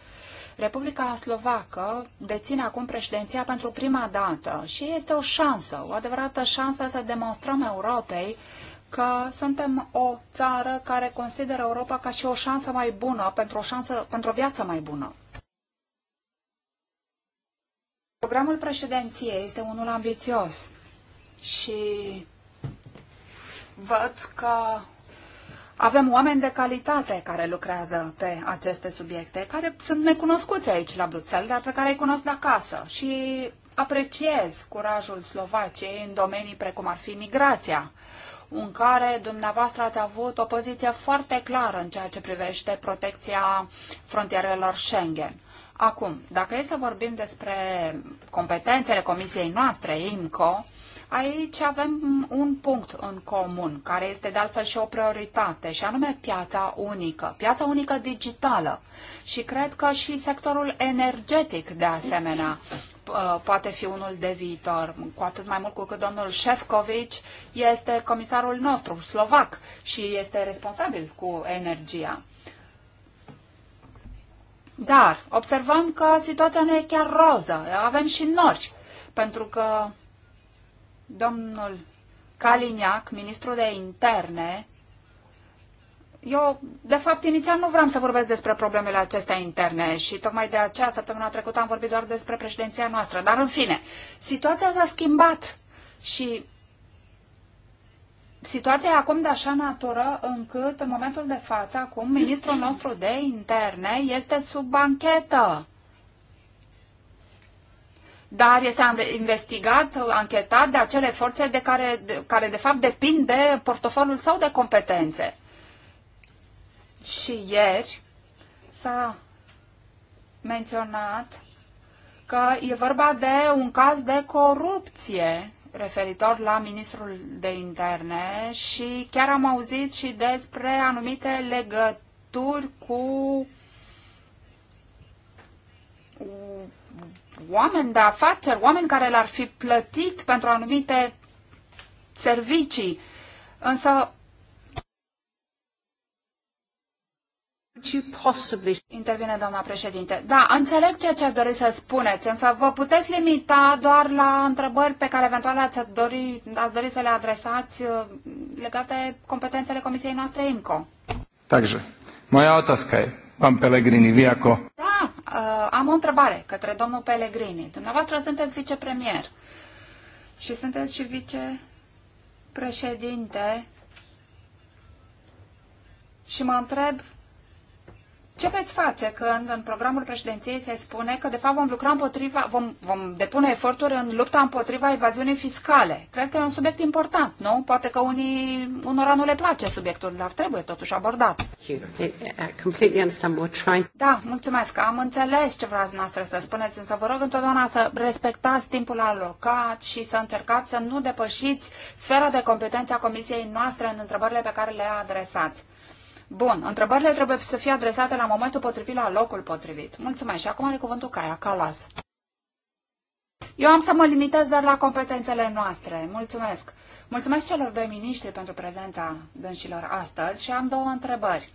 Republica Slovacă deține acum președinția pentru prima dată și este o șansă, o adevărată șansă să demonstrăm Europei că suntem o țară care consideră Europa ca și o șansă mai bună, pentru o, șansă, pentru o viață mai bună. Programul președinției este unul ambițios și văd că avem oameni de calitate care lucrează pe aceste subiecte, care sunt necunoscuți aici la Bruxelles, dar pe care îi cunosc de acasă. Și apreciez curajul Slovaciei în domenii precum ar fi migrația, în care dumneavoastră ați avut o poziție foarte clară în ceea ce privește protecția frontierelor Schengen. Acum, dacă e să vorbim despre competențele comisiei noastre, IMCO, aici avem un punct în comun, care este de altfel și o prioritate, și anume piața unică, piața unică digitală. Și cred că și sectorul energetic, de asemenea, poate fi unul de viitor, cu atât mai mult cu cât domnul Șefcovic este comisarul nostru, slovac, și este responsabil cu energia. Dar observăm că situația nu e chiar roză. Avem și nori. Pentru că domnul Caliniac, ministrul de interne, eu, de fapt, inițial nu vreau să vorbesc despre problemele acestea interne și tocmai de aceea, săptămâna trecută, am vorbit doar despre președinția noastră. Dar, în fine, situația s-a schimbat și situația e acum de așa natură încât, în momentul de față, acum, ministrul nostru de interne este sub banchetă. Dar este investigat, anchetat de acele forțe de care, de, care, de fapt, depind de portofolul sau de competențe. Și ieri s-a menționat că e vorba de un caz de corupție referitor la ministrul de interne și chiar am auzit și despre anumite legături cu oameni de afaceri, oameni care l-ar fi plătit pentru anumite servicii. Însă Intervine doamna președinte. Da, înțeleg ceea ce doriți să spuneți, însă vă puteți limita doar la întrebări pe care eventual ați dori, ați dori să le adresați uh, legate competențele Comisiei noastre IMCO. Takže, moja otázka je, pan Pellegrini, vy ako? Da, uh, am o întrebare către domnul Pellegrini. Dumneavoastră sunteți vicepremier și sunteți și vicepreședinte și mă întreb ce veți face când în programul președinției se spune că de fapt vom lucra împotriva, vom, vom depune eforturi în lupta împotriva evaziunii fiscale? Cred că e un subiect important, nu? Poate că unii, unora nu le place subiectul, dar trebuie totuși abordat. Da, mulțumesc. Am înțeles ce vreați noastră să spuneți, însă vă rog întotdeauna să respectați timpul alocat și să încercați să nu depășiți sfera de competență a comisiei noastre în întrebările pe care le adresați. Bun, întrebările trebuie să fie adresate la momentul potrivit, la locul potrivit. Mulțumesc. Și acum are cuvântul Caia Calas. Eu am să mă limitez doar la competențele noastre. Mulțumesc. Mulțumesc celor doi miniștri pentru prezența dânșilor astăzi și am două întrebări.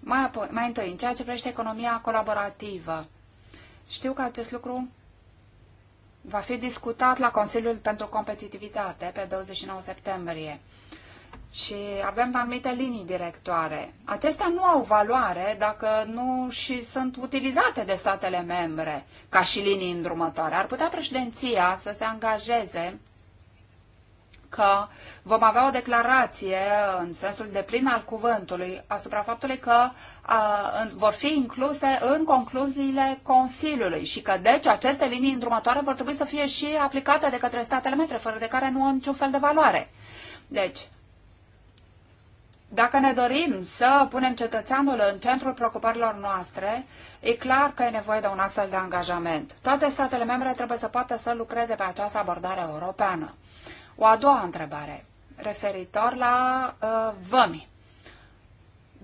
Mai, apoi, mai întâi, în ceea ce privește economia colaborativă. Știu că acest lucru va fi discutat la Consiliul pentru Competitivitate pe 29 septembrie și avem anumite linii directoare. Acestea nu au valoare dacă nu și sunt utilizate de statele membre ca și linii îndrumătoare. Ar putea președinția să se angajeze că vom avea o declarație în sensul de plin al cuvântului asupra faptului că a, în, vor fi incluse în concluziile Consiliului și că deci aceste linii îndrumătoare vor trebui să fie și aplicate de către statele membre, fără de care nu au niciun fel de valoare. Deci, dacă ne dorim să punem cetățeanul în centrul preocupărilor noastre, e clar că e nevoie de un astfel de angajament. Toate statele membre trebuie să poată să lucreze pe această abordare europeană. O a doua întrebare, referitor la uh, vămii.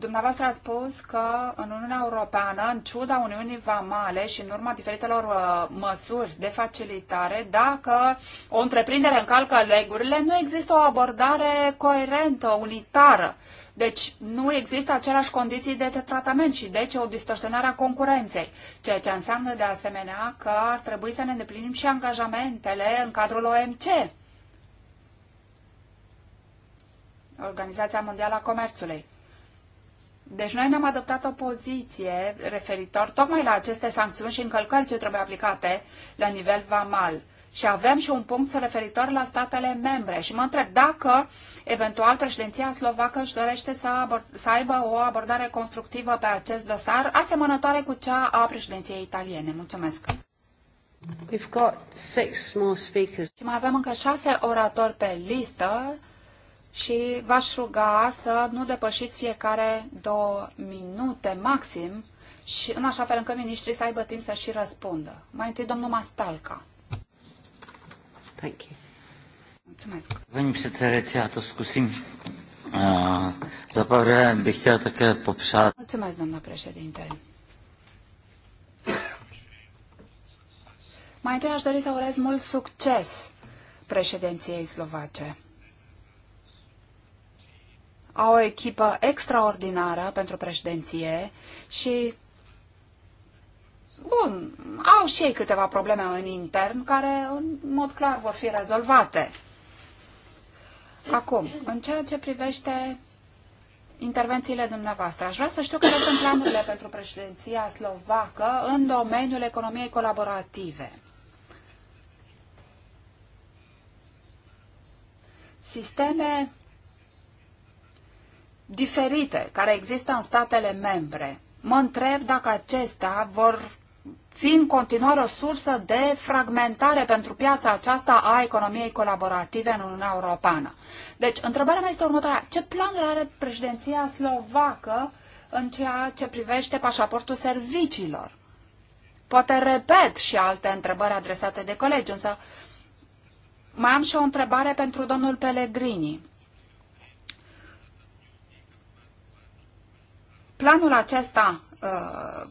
Dumneavoastră ați spus că în Uniunea Europeană, în ciuda Uniunii Vamale și în urma diferitelor uh, măsuri de facilitare, dacă o întreprindere încalcă legurile, nu există o abordare coerentă, unitară. Deci nu există aceleași condiții de tratament și deci o distorsionare a concurenței, ceea ce înseamnă de asemenea că ar trebui să ne îndeplinim și angajamentele în cadrul OMC, Organizația Mondială a Comerțului. Deci noi ne-am adoptat o poziție referitor tocmai la aceste sancțiuni și încălcări ce trebuie aplicate la nivel vamal. Și avem și un punct referitor la statele membre. Și mă întreb dacă, eventual, președinția slovacă își dorește să, abord- să aibă o abordare constructivă pe acest dosar, asemănătoare cu cea a președinției italiene. Mulțumesc! We've got six more speakers. Și mai avem încă șase oratori pe listă și v-aș ruga să nu depășiți fiecare două minute maxim și în așa fel încât ministrii să aibă timp să și răspundă. Mai întâi domnul Mastalca. Thank you. Mulțumesc. Paní předsedající, já to scusim. Eh, za prvé bych chtěl také popřát. Mulțumesc, doamna președinte. Mai întâi aș dori să urez mult succes președinției slovace au o echipă extraordinară pentru președinție și Bun, au și ei câteva probleme în intern care în mod clar vor fi rezolvate. Acum, în ceea ce privește intervențiile dumneavoastră, aș vrea să știu care sunt planurile pentru președinția slovacă în domeniul economiei colaborative. Sisteme diferite care există în statele membre. Mă întreb dacă acestea vor fi în continuare o sursă de fragmentare pentru piața aceasta a economiei colaborative în Uniunea Europeană. Deci, întrebarea mea este următoarea. Ce planuri are președinția slovacă în ceea ce privește pașaportul serviciilor? Poate repet și alte întrebări adresate de colegi, însă mai am și o întrebare pentru domnul Pellegrini. Planul acesta uh,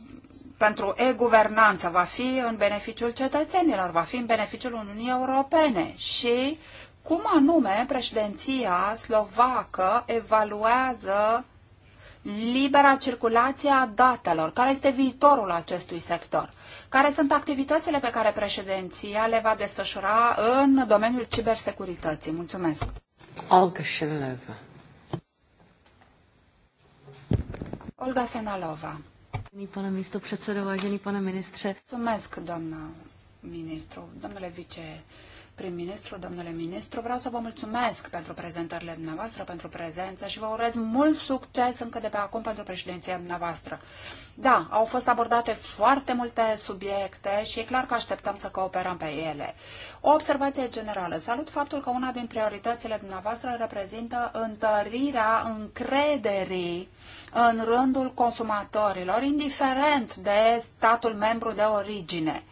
pentru e-guvernanță va fi în beneficiul cetățenilor, va fi în beneficiul Uniunii Europene și cum anume președinția slovacă evaluează libera circulație a datelor, care este viitorul acestui sector, care sunt activitățile pe care președinția le va desfășura în domeniul cibersecurității. Mulțumesc! Olga Olga Senalova. Pane místo předsedo, vážený pane ministře. Mulțumesc, doamnă ministru, domnule vice prim-ministru, domnule ministru, vreau să vă mulțumesc pentru prezentările dumneavoastră, pentru prezență și vă urez mult succes încă de pe acum pentru președinția dumneavoastră. Da, au fost abordate foarte multe subiecte și e clar că așteptăm să cooperăm pe ele. O observație generală. Salut faptul că una din prioritățile dumneavoastră reprezintă întărirea încrederii în rândul consumatorilor, indiferent de statul membru de origine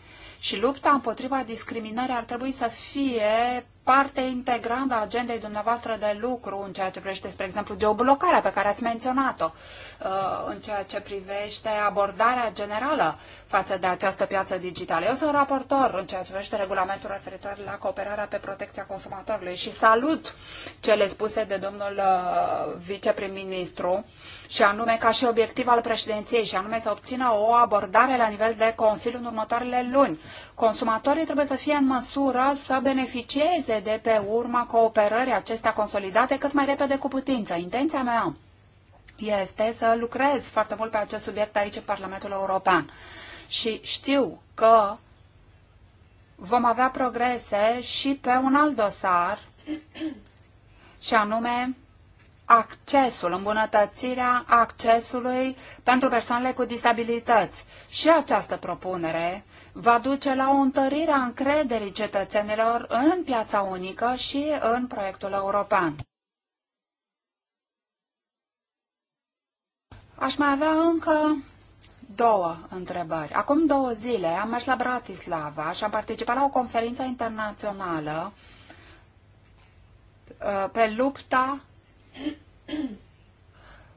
și lupta împotriva discriminării ar trebui să fie parte integrantă a agendei dumneavoastră de lucru în ceea ce privește, spre exemplu, geoblocarea pe care ați menționat-o, uh, în ceea ce privește abordarea generală față de această piață digitală. Eu sunt raportor în ceea ce privește regulamentul referitor la cooperarea pe protecția consumatorului și salut cele spuse de domnul uh, viceprim-ministru și anume ca și obiectiv al președinției și anume să obțină o abordare la nivel de Consiliu în următoarele luni. Consumatorii trebuie să fie în măsură să beneficieze de pe urma cooperării acestea consolidate cât mai repede cu putință. Intenția mea este să lucrez foarte mult pe acest subiect aici în Parlamentul European și știu că vom avea progrese și pe un alt dosar, și anume accesul, îmbunătățirea accesului pentru persoanele cu dizabilități. Și această propunere va duce la o întărire a încrederii cetățenilor în piața unică și în proiectul european. Aș mai avea încă două întrebări. Acum două zile am mers la Bratislava și am participat la o conferință internațională uh, pe lupta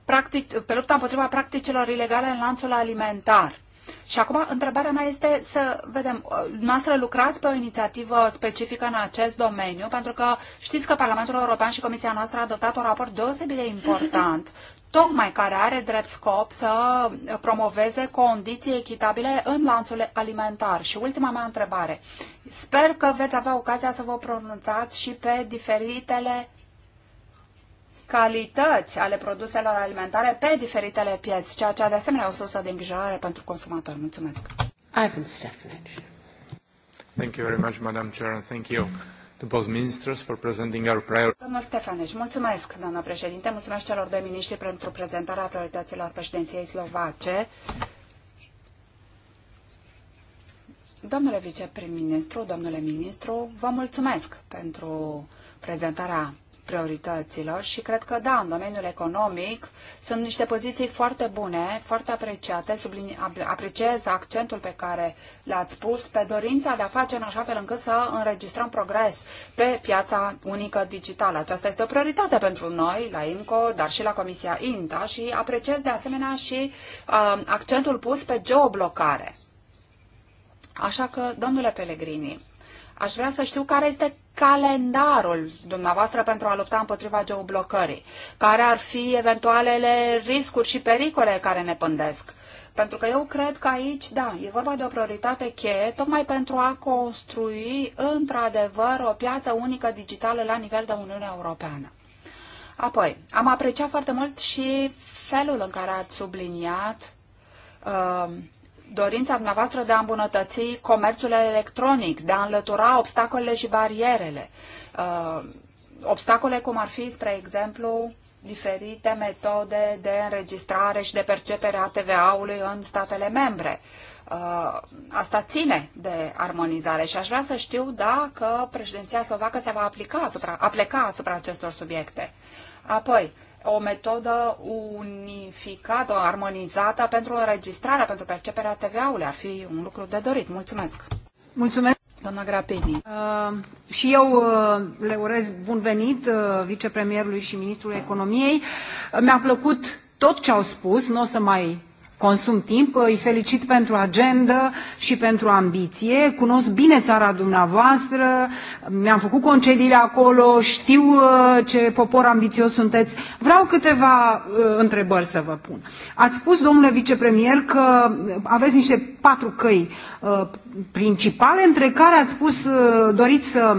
practic, pe lupta împotriva practicilor ilegale în lanțul alimentar. Și acum întrebarea mea este să vedem, uh, noastră lucrați pe o inițiativă specifică în acest domeniu, pentru că știți că Parlamentul European și Comisia noastră a adoptat un raport deosebit de important tocmai care are drept scop să promoveze condiții echitabile în lanțul alimentar. Și ultima mea întrebare. Sper că veți avea ocazia să vă pronunțați și pe diferitele calități ale produselor alimentare pe diferitele pieți, ceea ce de asemenea o sursă de îngrijorare pentru consumatori. Mulțumesc. Ivan Stefanic. Thank you very much, Madam Chair, and thank you to both ministers for presenting our priorities. Domnul Stefaneș, mulțumesc, doamnă președinte, mulțumesc celor doi miniștri pentru prezentarea priorităților președinției slovace. Domnule viceprim-ministru, domnule ministru, vă mulțumesc pentru prezentarea priorităților și cred că da, în domeniul economic sunt niște poziții foarte bune, foarte apreciate, Sublini, apreciez accentul pe care l-ați pus pe dorința de a face în așa fel încât să înregistrăm progres pe piața unică digitală. Aceasta este o prioritate pentru noi la IMCO, dar și la Comisia INTA și apreciez de asemenea și uh, accentul pus pe geoblocare. Așa că, domnule Pellegrini, aș vrea să știu care este calendarul dumneavoastră pentru a lupta împotriva geoblocării? Care ar fi eventualele riscuri și pericole care ne pândesc? Pentru că eu cred că aici, da, e vorba de o prioritate cheie, tocmai pentru a construi, într-adevăr, o piață unică digitală la nivel de Uniunea Europeană. Apoi, am apreciat foarte mult și felul în care ați subliniat uh, dorința dumneavoastră de a îmbunătăți comerțul electronic, de a înlătura obstacolele și barierele. Uh, obstacole cum ar fi, spre exemplu, diferite metode de înregistrare și de percepere a TVA-ului în statele membre. Uh, asta ține de armonizare și aș vrea să știu dacă președinția slovacă se va aplica asupra, apleca asupra acestor subiecte. Apoi, o metodă unificată, armonizată pentru înregistrarea, pentru perceperea TVA-ului. Ar fi un lucru de dorit. Mulțumesc! Mulțumesc! Doamna Grapini. Uh, și eu uh, le urez bun venit uh, vicepremierului și ministrului economiei. Uh, mi-a plăcut tot ce au spus, nu o să mai consum timp. Îi felicit pentru agendă și pentru ambiție. Cunosc bine țara dumneavoastră, mi-am făcut concediile acolo, știu uh, ce popor ambițios sunteți. Vreau câteva uh, întrebări să vă pun. Ați spus, domnule vicepremier, că aveți niște patru căi uh, principale, între care ați spus doriți să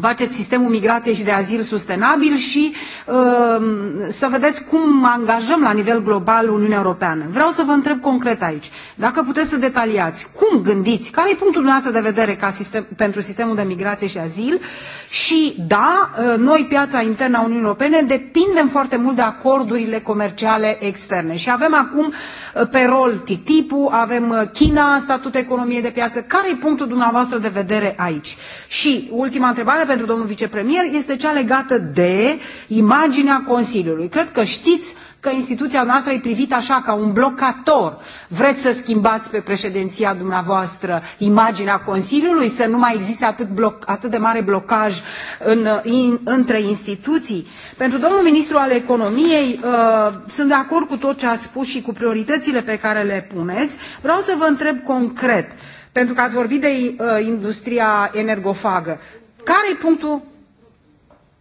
faceți sistemul migrației și de azil sustenabil și um, să vedeți cum angajăm la nivel global Uniunea Europeană. Vreau să vă întreb concret aici, dacă puteți să detaliați, cum gândiți, care e punctul dumneavoastră de vedere ca sistem, pentru sistemul de migrație și azil și da, uh, noi, piața internă a Uniunii Europene, depindem foarte mult de acordurile comerciale externe și avem acum uh, pe rol ttip avem uh, China, statut economie de piață, care e punctul dumneavoastră de vedere aici? Și ultima întrebare, pentru domnul vicepremier este cea legată de imaginea Consiliului. Cred că știți că instituția noastră e privită așa, ca un blocator. Vreți să schimbați pe președinția dumneavoastră imaginea Consiliului, să nu mai existe atât, bloc, atât de mare blocaj în, in, între instituții? Pentru domnul ministru al economiei, uh, sunt de acord cu tot ce ați spus și cu prioritățile pe care le puneți. Vreau să vă întreb concret pentru că ați vorbit de uh, industria energofagă. Care e punctul,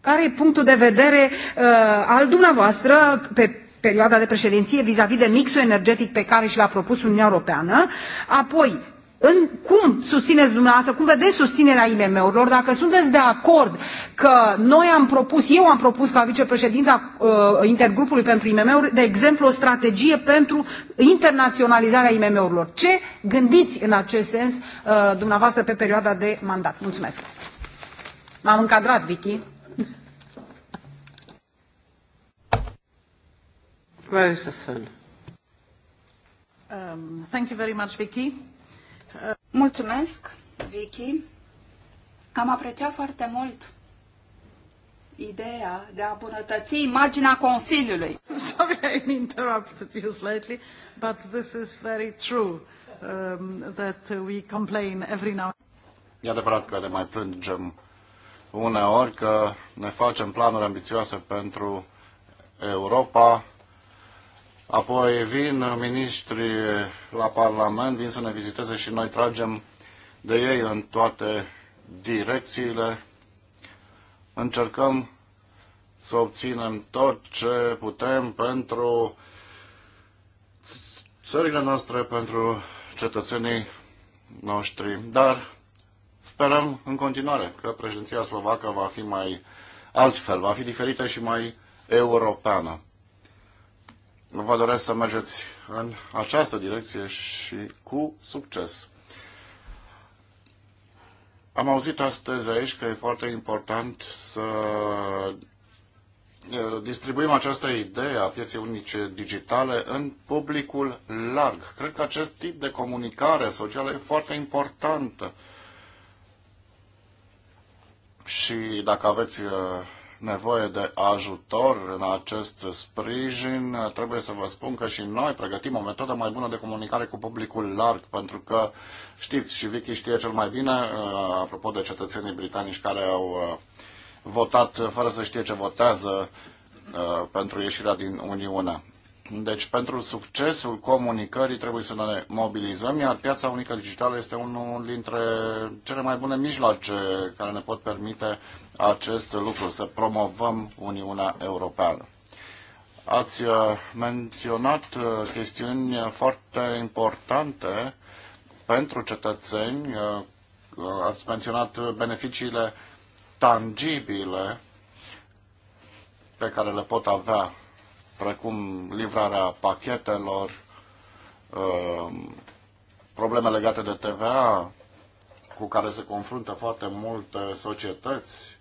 care e punctul de vedere uh, al dumneavoastră pe perioada de președinție vis-a-vis -vis de mixul energetic pe care și l-a propus Uniunea Europeană? Apoi, în, cum susțineți dumneavoastră, cum vedeți susținerea IMM-urilor, dacă sunteți de acord că noi am propus, eu am propus ca vicepreședinta uh, intergrupului pentru IMM-uri, de exemplu, o strategie pentru internaționalizarea IMM-urilor. Ce gândiți în acest sens uh, dumneavoastră pe perioada de mandat? Mulțumesc! M-am încadrat, Vicky. Rosathon. Um, thank you very much, Vicky. Uh... Mulțumesc, Vicky. Am apreciat foarte mult ideea de a bunătăți imaginea Consiliului. [LAUGHS] Sorry, I interrupted you slightly, but this is very true um, that we complain every now. E adevărat că ne mai plângem uneori că ne facem planuri ambițioase pentru Europa, apoi vin miniștri la Parlament, vin să ne viziteze și noi tragem de ei în toate direcțiile, încercăm să obținem tot ce putem pentru țările noastre, pentru cetățenii noștri, dar Sperăm în continuare că președinția slovacă va fi mai altfel, va fi diferită și mai europeană. Vă doresc să mergeți în această direcție și cu succes. Am auzit astăzi aici că e foarte important să distribuim această idee a pieței unice digitale în publicul larg. Cred că acest tip de comunicare socială e foarte importantă și dacă aveți uh, nevoie de ajutor în acest sprijin, uh, trebuie să vă spun că și noi pregătim o metodă mai bună de comunicare cu publicul larg, pentru că știți și Vicky știe cel mai bine, uh, apropo de cetățenii britanici care au votat fără să știe ce votează pentru ieșirea din Uniunea. Deci, pentru succesul comunicării trebuie să ne mobilizăm, iar piața unică digitală este unul dintre cele mai bune mijloace care ne pot permite acest lucru, să promovăm Uniunea Europeană. Ați uh, menționat uh, chestiuni foarte importante pentru cetățeni, uh, ați menționat beneficiile tangibile pe care le pot avea precum livrarea pachetelor, uh, probleme legate de TVA, cu care se confruntă foarte multe societăți,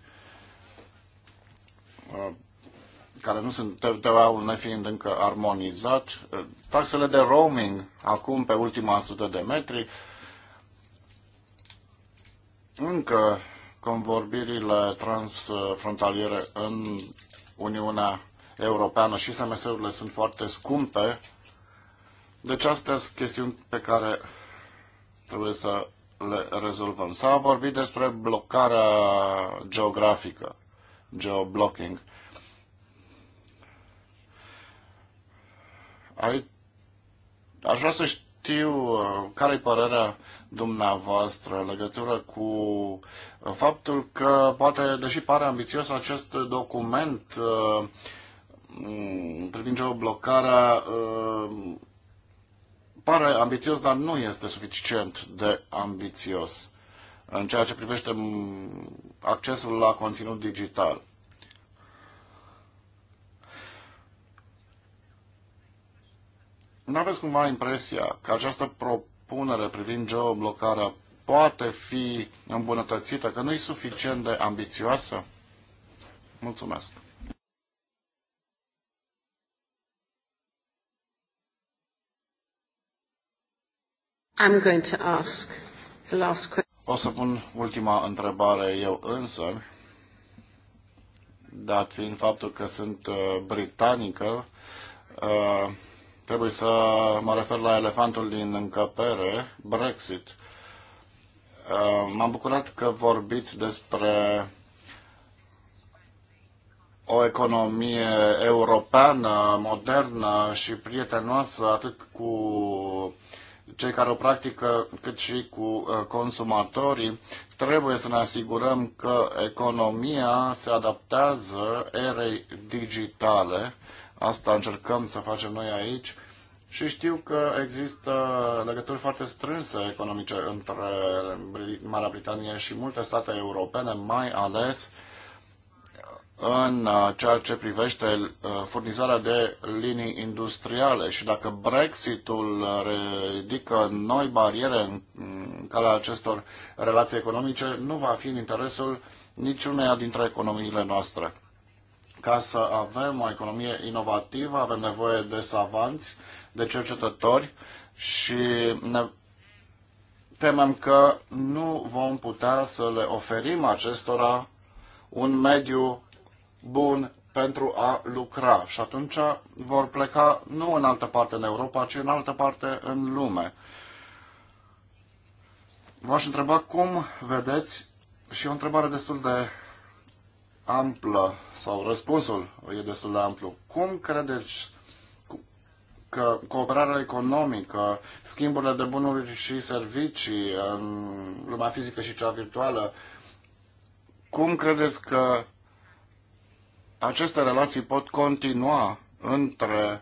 uh, care nu sunt TVA-ul nefiind încă armonizat, uh, taxele de roaming acum pe ultima sută de metri, încă convorbirile transfrontaliere în Uniunea europeană și SMS-urile sunt foarte scumpe. Deci astea sunt chestiuni pe care trebuie să le rezolvăm. S-a vorbit despre blocarea geografică, geoblocking. Ai, aș vrea să știu uh, care e părerea dumneavoastră în legătură cu uh, faptul că, poate, deși pare ambițios acest document, uh, Mm, privind o blocare, uh, pare ambițios, dar nu este suficient de ambițios în ceea ce privește mm, accesul la conținut digital. Nu aveți cumva impresia că această propunere privind geoblocarea poate fi îmbunătățită, că nu e suficient de ambițioasă? Mulțumesc! I'm going to ask the last question. O să pun ultima întrebare eu însă, dat fiind faptul că sunt uh, britanică, uh, trebuie să mă refer la elefantul din încăpere, Brexit. Uh, m-am bucurat că vorbiți despre o economie europeană, modernă și prietenoasă atât cu cei care o practică, cât și cu uh, consumatorii, trebuie să ne asigurăm că economia se adaptează erei digitale. Asta încercăm să facem noi aici. Și știu că există legături foarte strânse economice între Marea Britanie și multe state europene, mai ales uh, în uh, ceea ce privește uh, furnizarea de linii industriale și dacă Brexitul uh, ridică noi bariere în calea acestor relații economice, nu va fi în interesul niciuneia dintre economiile noastre. Ca să avem o economie inovativă, avem nevoie de savanți, de cercetători și ne temem că nu vom putea să le oferim acestora un mediu bun pentru a lucra și atunci vor pleca nu în altă parte în Europa, ci în altă parte în lume. V-aș întreba cum vedeți și o întrebare destul de amplă sau răspunsul e destul de amplu. Cum credeți că cooperarea economică, schimburile de bunuri și servicii în lumea fizică și cea virtuală, cum credeți că aceste relații pot continua între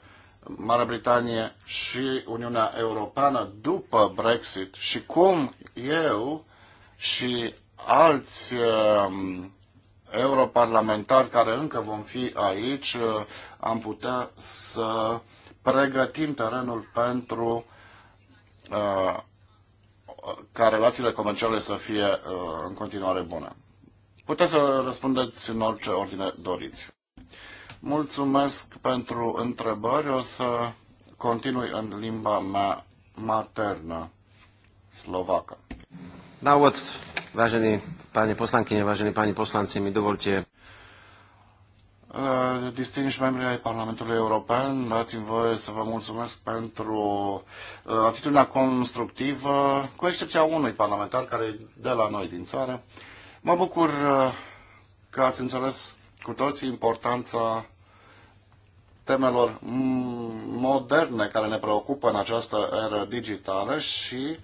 Marea Britanie și Uniunea Europeană după Brexit și cum eu și alți um, europarlamentari care încă vom fi aici uh, am putea să pregătim terenul pentru uh, ca relațiile comerciale să fie uh, în continuare bune. Puteți să răspundeți în orice ordine doriți. Mulțumesc pentru întrebări. O să continui în limba mea maternă, slovacă. Da, văd, vážení pani poslankine, vážení pani poslanci, mi dovolte eh, distinși membri ai Parlamentului European, dați-mi voie să vă mulțumesc pentru eh, atitudinea constructivă, cu excepția unui parlamentar care e de la noi din țară. Mă bucur uh, că ați înțeles cu toții importanța temelor moderne care ne preocupă în această eră digitală și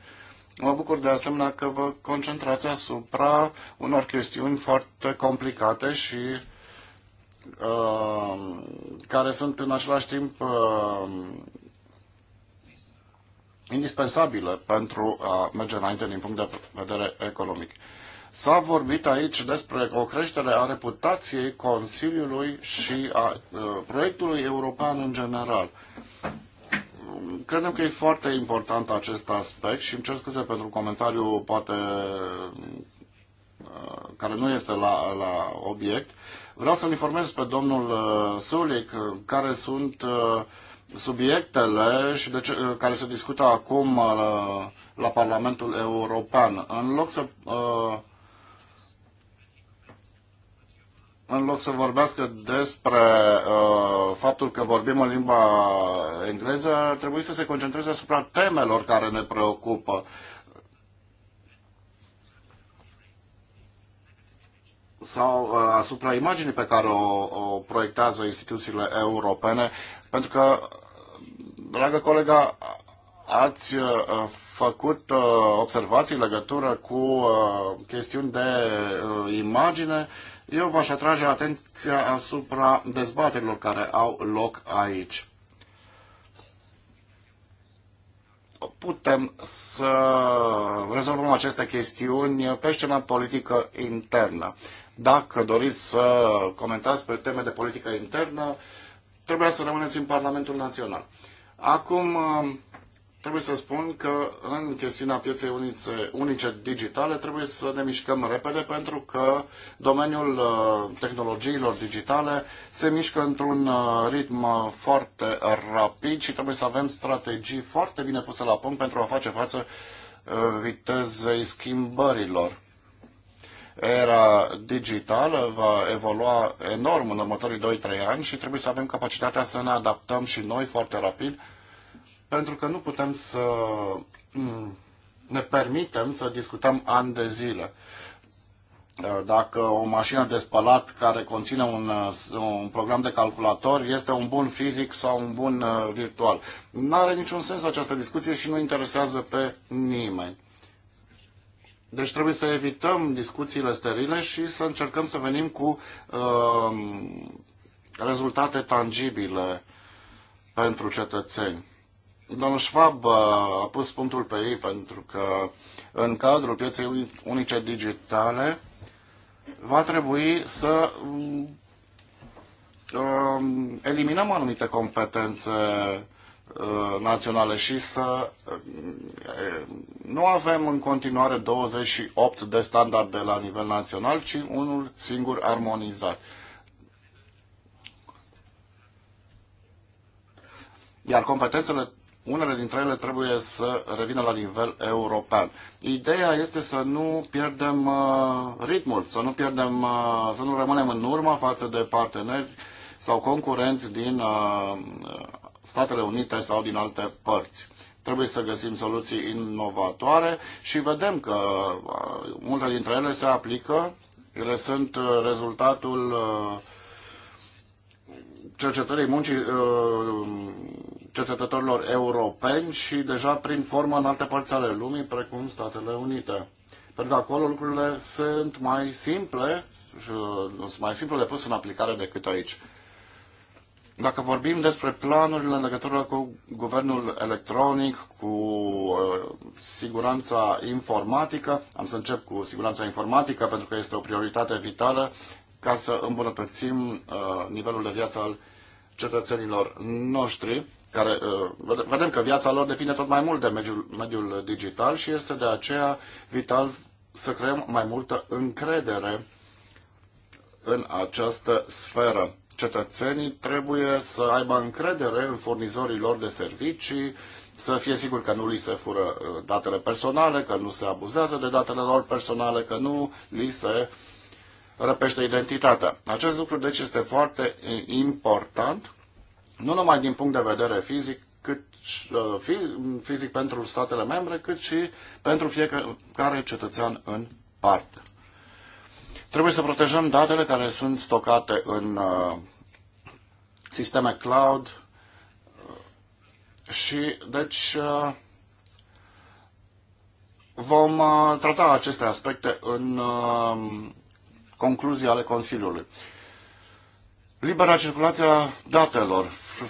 mă bucur de asemenea că vă concentrați asupra unor chestiuni foarte complicate și uh, care sunt în același timp uh, indispensabile pentru a merge înainte din punct de vedere economic. S-a vorbit aici despre o creștere a reputației Consiliului și a uh, proiectului european în general. Credem că e foarte important acest aspect și îmi cer scuze pentru comentariu poate uh, care nu este la, la obiect. Vreau să-l informez pe domnul uh, Sulic care sunt subiectele și de ce, care se discută acum la Parlamentul European. În loc să în loc să vorbească despre uh, faptul că vorbim în limba engleză, ar trebui să se concentreze asupra temelor care ne preocupă. sau uh, asupra imaginii pe care o, o proiectează instituțiile europene, pentru că, dragă colega, ați uh, făcut uh, observații în legătură cu uh, chestiuni de imagine eu v-aș atrage atenția asupra dezbaterilor care au loc aici. Putem să rezolvăm aceste chestiuni pe scena politică internă. Dacă doriți să comentați pe teme de politică internă, trebuia să rămâneți în Parlamentul Național. Acum Trebuie să spun că în chestiunea pieței unice, unice digitale trebuie să ne mișcăm repede pentru că domeniul uh, tehnologiilor digitale se mișcă într-un uh, ritm uh, foarte rapid și trebuie să avem strategii foarte bine puse la punct pentru a face față vitezei schimbărilor. Era digitală va evolua enorm în următorii 2-3 ani și trebuie să avem capacitatea să ne adaptăm și noi foarte rapid pentru că nu putem să mm, ne permitem să discutăm ani de zile. Uh, dacă o mașină de spălat care conține un, uh, un program de calculator este un bun fizic sau un bun uh, virtual. Nu are niciun sens această discuție și nu interesează pe nimeni. Deci trebuie să evităm discuțiile sterile și să încercăm să venim cu uh, rezultate tangibile pentru cetățeni. Domnul Schwab uh, a pus punctul pe ei pentru că în cadrul pieței unice digitale va trebui să um, eliminăm anumite competențe uh, naționale și să uh, nu avem în continuare 28 de standarde la nivel național, ci unul singur armonizat. Iar competențele unele dintre ele trebuie să revină la nivel european. Ideea este să nu pierdem uh, ritmul, să nu pierdem, uh, să nu rămânem în urmă față de parteneri sau concurenți din uh, Statele Unite sau din alte părți. Trebuie să găsim soluții inovatoare și vedem că multe dintre ele se aplică, ele sunt rezultatul cercetării muncii cercetătorilor europeni și deja prin formă în alte părți ale lumii, precum Statele Unite. Pentru că acolo lucrurile sunt mai simple, uh, sunt mai simple de pus în aplicare decât aici. Dacă vorbim despre planurile în legătură cu guvernul electronic, cu uh, siguranța informatică, am să încep cu siguranța informatică pentru că este o prioritate vitală ca să îmbunătățim uh, nivelul de viață al cetățenilor noștri care uh, vedem că viața lor depinde tot mai mult de mediul, mediul digital și este de aceea vital să creăm mai multă încredere în această sferă. Cetățenii trebuie să aibă încredere în furnizorii lor de servicii, să fie sigur că nu li se fură uh, datele personale, că nu se abuzează de datele lor personale, că nu li se răpește identitatea. Acest lucru, deci, este foarte uh, important nu numai din punct de vedere fizic, cât uh, fizic pentru statele membre, cât și pentru fiecare cetățean în parte. Trebuie să protejăm datele care sunt stocate în uh, sisteme cloud uh, și, deci, vom trata aceste aspecte în concluzii ale Consiliului. Libera circulație a datelor,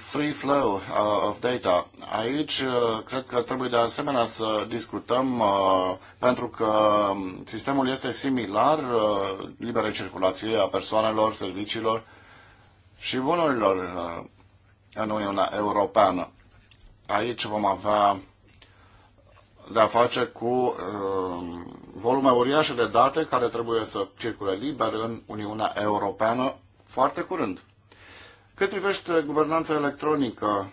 free flow uh, of data. Aici uh, cred că trebuie de asemenea să discutăm, uh, pentru că sistemul este similar libera circulație a persoanelor, serviciilor și bunurilor în Uniunea Europeană. Aici vom avea de-a face cu volume uriașe de date care trebuie să circule liber în Uniunea Europeană foarte curând. Cât privește guvernanța electronică,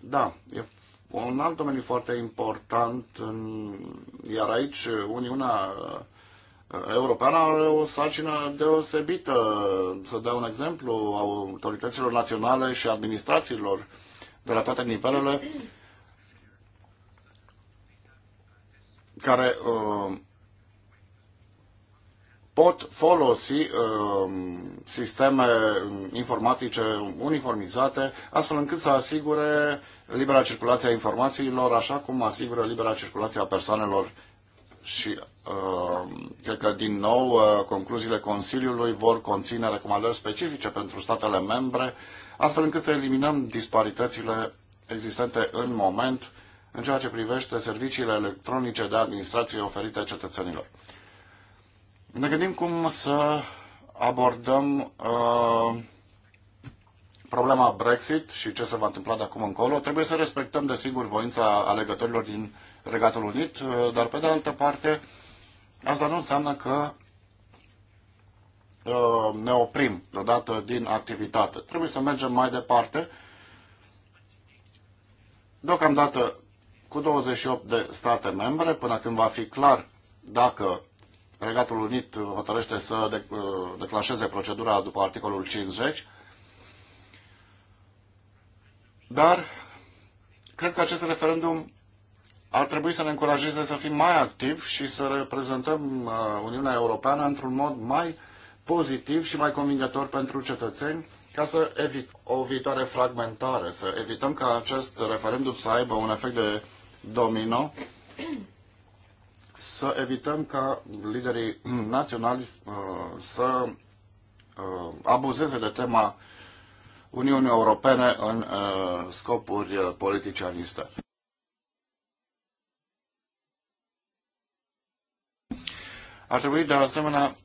da, e un alt domeniu foarte important, iar aici Uniunea uh, Europeană are o sarcină deosebită. Să dau un exemplu, autorităților naționale și administrațiilor de la toate nivelele, care uh, pot folosi uh, sisteme informatice uniformizate, astfel încât să asigure libera circulație a informațiilor, așa cum asigură libera circulație a persoanelor și uh, cred că din nou uh, concluziile Consiliului vor conține recomandări specifice pentru statele membre, astfel încât să eliminăm disparitățile existente în moment în ceea ce privește serviciile electronice de administrație oferite cetățenilor ne gândim cum să abordăm uh, problema Brexit și ce se va întâmpla de acum încolo. Trebuie să respectăm, desigur, voința alegătorilor din Regatul Unit, uh, dar pe de altă parte, asta nu înseamnă că uh, ne oprim deodată din activitate. Trebuie să mergem mai departe. Deocamdată cu 28 de state membre, până când va fi clar dacă Regatul Unit uh, hotărăște să uh, declanșeze procedura după articolul 50, dar cred că acest referendum ar trebui să ne încurajeze să fim mai activi și să reprezentăm uh, Uniunea Europeană într-un mod mai pozitiv și mai convingător pentru cetățeni ca să evit o viitoare fragmentare, să evităm ca acest referendum să aibă un efect de domino să evităm ca liderii [CLEARS THROAT] naționali uh, să uh, abuzeze de tema Uniunii Europene în uh, scopuri politicianiste. Ar trebui de asemenea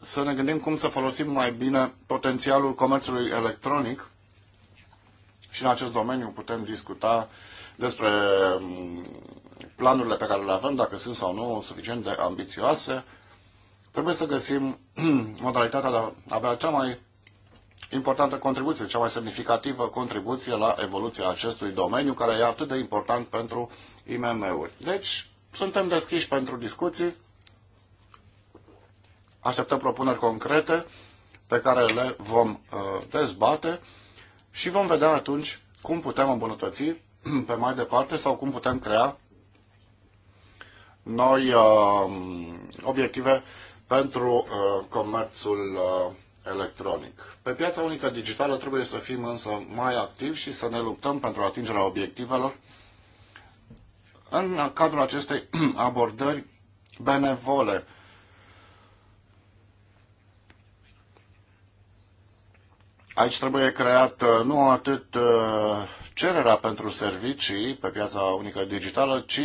să ne gândim cum să folosim mai bine potențialul comerțului electronic și în acest domeniu putem discuta despre um, planurile pe care le avem, dacă sunt sau nu suficient de ambițioase, trebuie să găsim [CLEARS THROAT] modalitatea de a avea cea mai importantă contribuție, cea mai semnificativă contribuție la evoluția acestui domeniu, care e atât de important pentru IMM-uri. Deci, suntem deschiși pentru discuții, așteptăm propuneri concrete pe care le vom uh, dezbate și vom vedea atunci cum putem îmbunătăți [CLEARS THROAT] pe mai departe sau cum putem crea noi uh, obiective pentru uh, comerțul uh, electronic. Pe piața unică digitală trebuie să fim însă mai activi și să ne luptăm pentru atingerea obiectivelor în cadrul acestei [CLEARS THROAT] abordări benevole. Aici trebuie creat nu atât cererea pentru servicii pe piața unică digitală, ci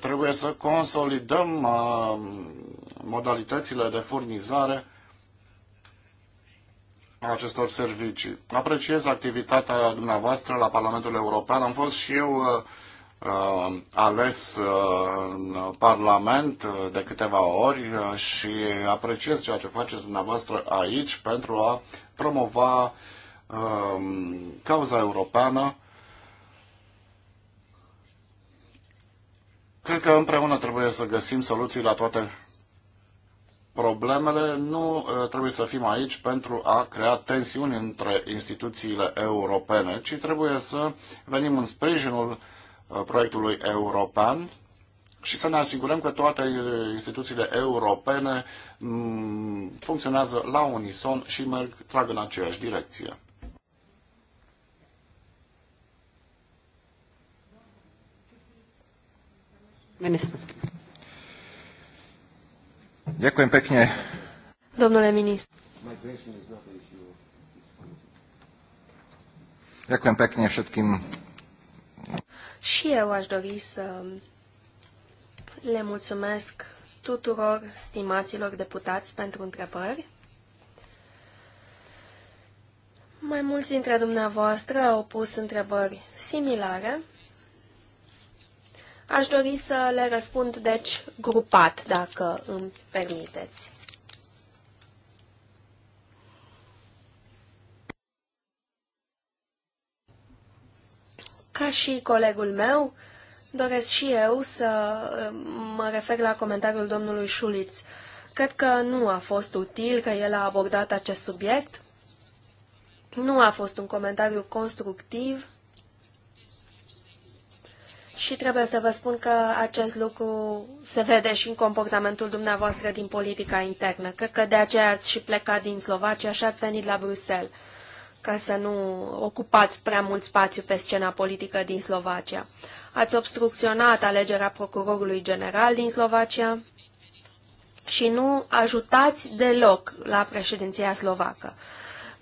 trebuie să consolidăm uh, modalitățile de furnizare a acestor servicii. Apreciez activitatea dumneavoastră la Parlamentul European. Am fost și eu uh, uh ales uh, în Parlament uh, de câteva ori și apreciez ceea ce faceți dumneavoastră aici pentru a promova uh, cauza europeană Cred că împreună trebuie să găsim soluții la toate problemele. Nu uh, trebuie să fim aici pentru a crea tensiuni între instituțiile europene, ci trebuie să venim în sprijinul uh, proiectului european și să ne asigurăm că toate uh, instituțiile europene mm, funcționează la unison și merg, trag în aceeași direcție. Ďakujem pekne. Domnule ministru. Ďakujem pekne všetkým. Și eu aș dori să le mulțumesc tuturor stimaților deputați pentru întrebări. Mai mulți dintre dumneavoastră au pus întrebări similare Aș dori să le răspund, deci, grupat, dacă îmi permiteți. Ca și colegul meu, doresc și eu să uh, mă refer la comentariul domnului Șuliț. Cred că nu a fost util că el a abordat acest subiect. Nu a fost un comentariu constructiv și trebuie să vă spun că acest lucru se vede și în comportamentul dumneavoastră din politica internă. Cred că de aceea ați și plecat din Slovacia și ați venit la Bruxelles, ca să nu ocupați prea mult spațiu pe scena politică din Slovacia. Ați obstrucționat alegerea procurorului general din Slovacia și nu ajutați deloc la președinția slovacă.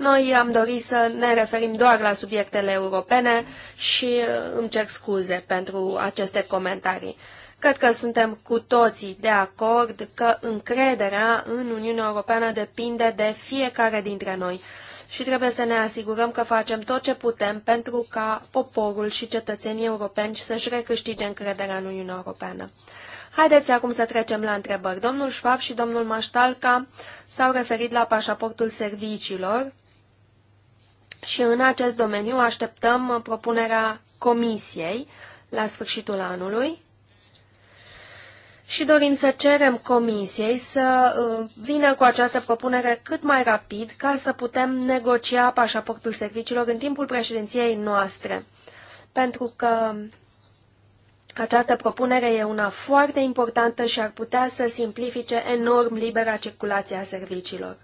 Noi am dorit să ne referim doar la subiectele europene și uh, îmi cer scuze pentru aceste comentarii. Cred că suntem cu toții de acord că încrederea în Uniunea Europeană depinde de fiecare dintre noi și trebuie să ne asigurăm că facem tot ce putem pentru ca poporul și cetățenii europeni să-și recâștige încrederea în Uniunea Europeană. Haideți acum să trecem la întrebări. Domnul Schwab și domnul Maștalca s-au referit la pașaportul serviciilor și în acest domeniu așteptăm propunerea Comisiei la sfârșitul anului și dorim să cerem Comisiei să uh, vină cu această propunere cât mai rapid ca să putem negocia pașaportul serviciilor în timpul președinției noastre. Pentru că această propunere e una foarte importantă și ar putea să simplifice enorm libera circulație a serviciilor.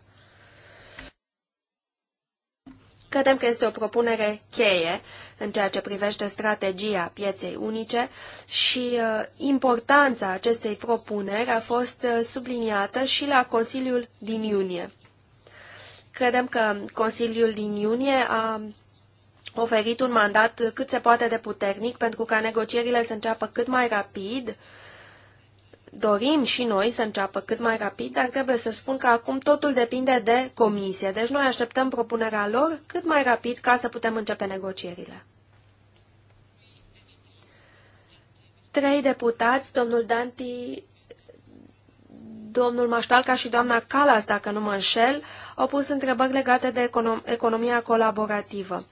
Credem că este o propunere cheie în ceea ce privește strategia pieței unice și uh, importanța acestei propuneri a fost uh, subliniată și la Consiliul din iunie. Credem că Consiliul din iunie a oferit un mandat cât se poate de puternic pentru ca negocierile să înceapă cât mai rapid dorim și noi să înceapă cât mai rapid, dar trebuie să spun că acum totul depinde de comisie. Deci noi așteptăm propunerea lor cât mai rapid ca să putem începe negocierile. Trei deputați, domnul Danti, domnul Maștalca și doamna Calas, dacă nu mă înșel, au pus întrebări legate de econom economia colaborativă. Uh,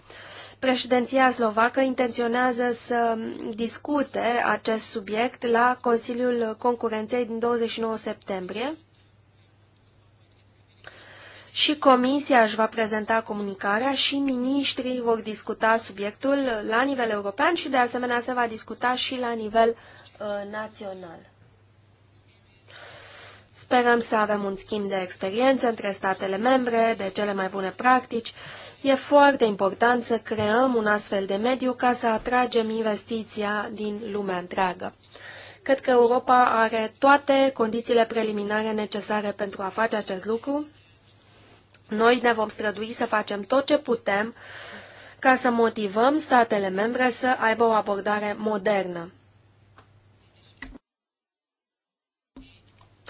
Președinția slovacă intenționează să discute acest subiect la Consiliul Concurenței din 29 septembrie și Comisia își va prezenta comunicarea și ministrii vor discuta subiectul la nivel european și de asemenea se va discuta și la nivel uh, național. Sperăm să avem un schimb de experiență între statele membre, de cele mai bune practici, uh, E foarte important să creăm un astfel de mediu ca să atragem investiția din lumea întreagă. Cred că Europa are toate condițiile preliminare necesare pentru a face acest lucru. Noi ne vom strădui să facem tot ce putem ca să motivăm statele membre să aibă o abordare modernă.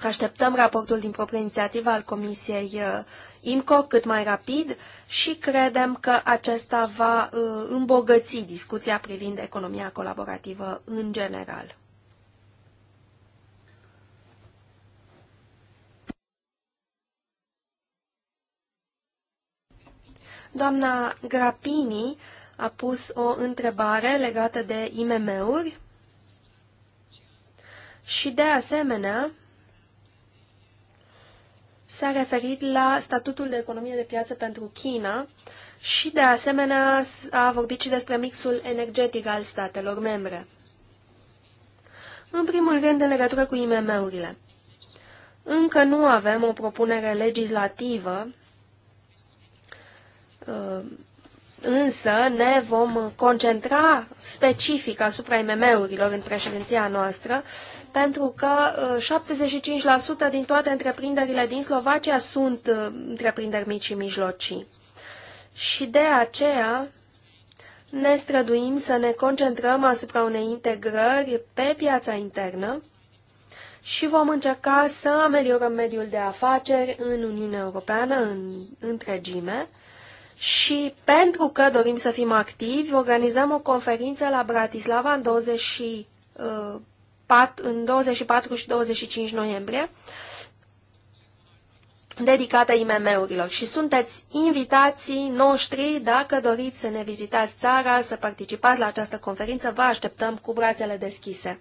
Așteptăm raportul din proprie inițiativă al Comisiei uh, IMCO cât mai rapid și credem că acesta va uh, îmbogăți discuția privind economia colaborativă în general. Doamna Grapini a pus o întrebare legată de IMM-uri și, de asemenea, s-a referit la statutul de economie de piață pentru China și, de asemenea, a vorbit și despre mixul energetic al statelor membre. În primul rând, în legătură cu IMM-urile. Încă nu avem o propunere legislativă, uh, însă ne vom concentra specific asupra IMM-urilor în președinția noastră, pentru că 75% uh, din toate întreprinderile din Slovacia sunt uh, întreprinderi mici și mijlocii. Și de aceea ne străduim să ne concentrăm asupra unei integrări pe piața internă și vom încerca să ameliorăm mediul de afaceri în Uniunea Europeană în întregime. Și pentru că dorim să fim activi, organizăm o conferință la Bratislava în 20 și uh, în 24 și 25 noiembrie, dedicată IMM-urilor. Și sunteți invitații noștri, dacă doriți să ne vizitați țara, să participați la această conferință, vă așteptăm cu brațele deschise.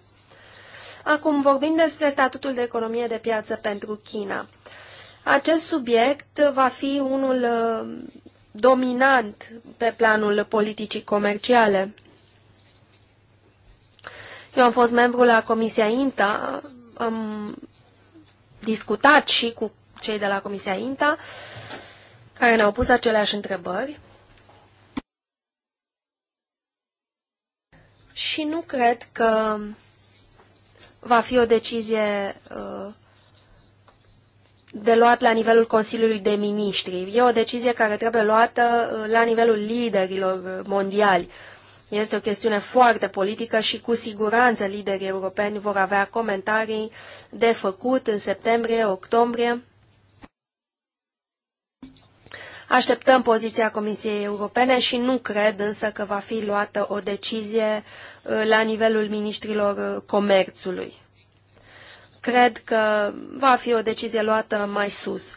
Acum vorbim despre statutul de economie de piață pentru China. Acest subiect va fi unul uh, dominant pe planul politicii comerciale. Eu am fost membru la Comisia INTA, am discutat și cu cei de la Comisia INTA, care ne-au pus aceleași întrebări. Și nu cred că va fi o decizie uh, de luat la nivelul Consiliului de Ministri. E o decizie care trebuie luată uh, la nivelul liderilor mondiali. Este o chestiune foarte politică și cu siguranță liderii europeni vor avea comentarii de făcut în septembrie, octombrie. Așteptăm poziția Comisiei Europene și nu cred însă că va fi luată o decizie uh, la nivelul ministrilor uh, comerțului. Cred că va fi o decizie luată mai sus.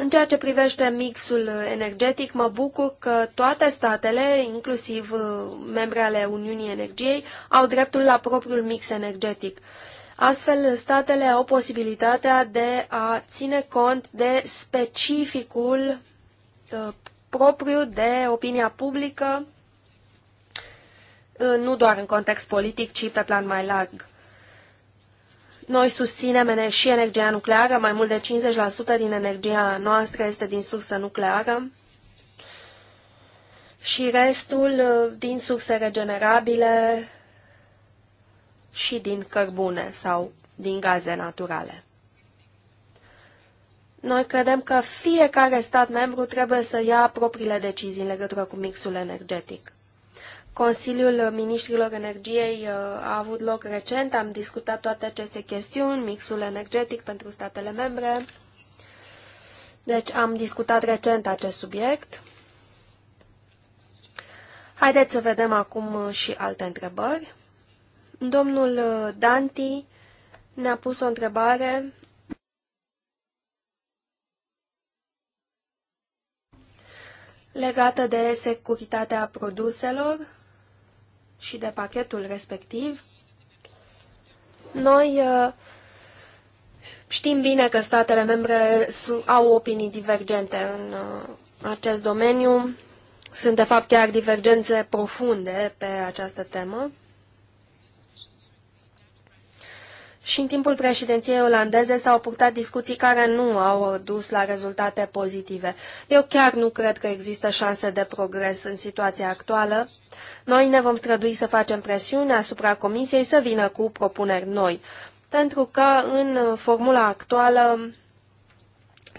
În ceea ce privește mixul energetic, mă bucur că toate statele, inclusiv uh, membre ale Uniunii Energiei, au dreptul la propriul mix energetic. Astfel, statele au posibilitatea de a ține cont de specificul uh, propriu de opinia publică, uh, nu doar în context politic, ci pe plan mai larg. Noi susținem și energia nucleară, mai mult de 50% din energia noastră este din sursă nucleară și restul uh, din surse regenerabile și din cărbune sau din gaze naturale. Noi credem că fiecare stat membru trebuie să ia propriile decizii în legătură cu mixul energetic. Consiliul Ministrilor Energiei uh, a avut loc recent, am discutat toate aceste chestiuni, mixul energetic pentru statele membre. Deci am discutat recent acest subiect. Haideți să vedem acum și alte întrebări. Domnul uh, Danti ne-a pus o întrebare legată de securitatea produselor și de pachetul respectiv, noi uh, știm bine că statele membre au opinii divergente în uh, acest domeniu. Sunt, de fapt, chiar divergențe profunde pe această temă. Și în timpul președinției olandeze s-au purtat discuții care nu au dus la rezultate pozitive. Eu chiar nu cred că există șanse de progres în situația actuală. Noi ne vom strădui să facem presiune asupra Comisiei să vină cu propuneri noi, pentru că în formula actuală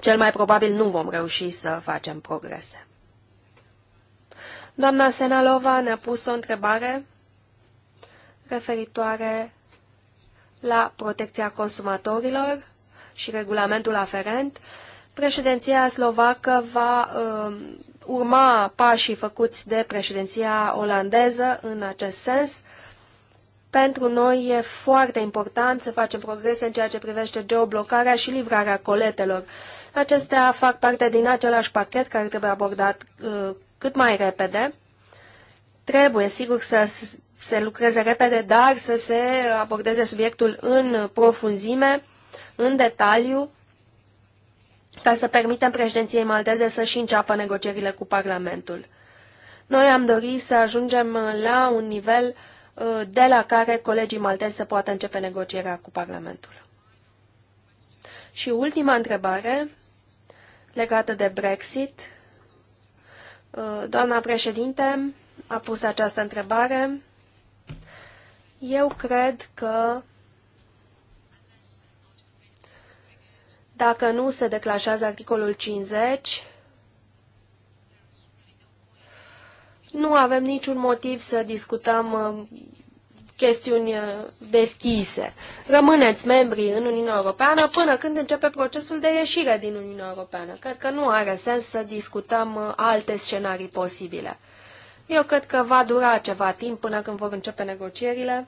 cel mai probabil nu vom reuși să facem progrese. Doamna Senalova ne-a pus o întrebare referitoare la protecția consumatorilor și regulamentul aferent. Președinția slovacă va uh, urma pașii făcuți de președinția olandeză în acest sens. Pentru noi e foarte important să facem progrese în ceea ce privește geoblocarea și livrarea coletelor. Acestea fac parte din același pachet care trebuie abordat uh, cât mai repede. Trebuie, sigur, să se lucreze repede, dar să se abordeze subiectul în profunzime, în detaliu, ca să permitem președinției malteze să-și înceapă negocierile cu Parlamentul. Noi am dorit să ajungem la un nivel uh, de la care colegii maltezi să poată începe negocierea cu Parlamentul. Și ultima întrebare legată de Brexit. Uh, doamna președinte a pus această întrebare. Eu cred că dacă nu se declanșează articolul 50, nu avem niciun motiv să discutăm uh, chestiuni uh, deschise. Rămâneți membri în Uniunea Europeană până când începe procesul de ieșire din Uniunea Europeană. Cred că nu are sens să discutăm uh, alte scenarii posibile. Eu cred că va dura ceva timp până când vor începe negocierile.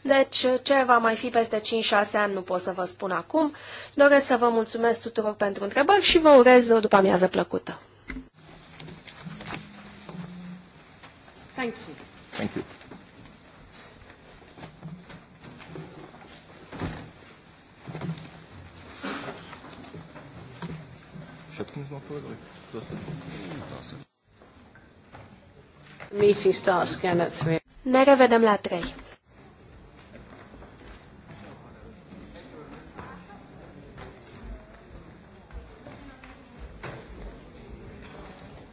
Deci, ce va mai fi peste 5-6 ani nu pot să vă spun acum. Doresc să vă mulțumesc tuturor pentru întrebări și vă urez o după amiază plăcută. Thank you. Thank you. Všetkým sme odpovedali. Meeting starts again at 3. Ne revedem la 3.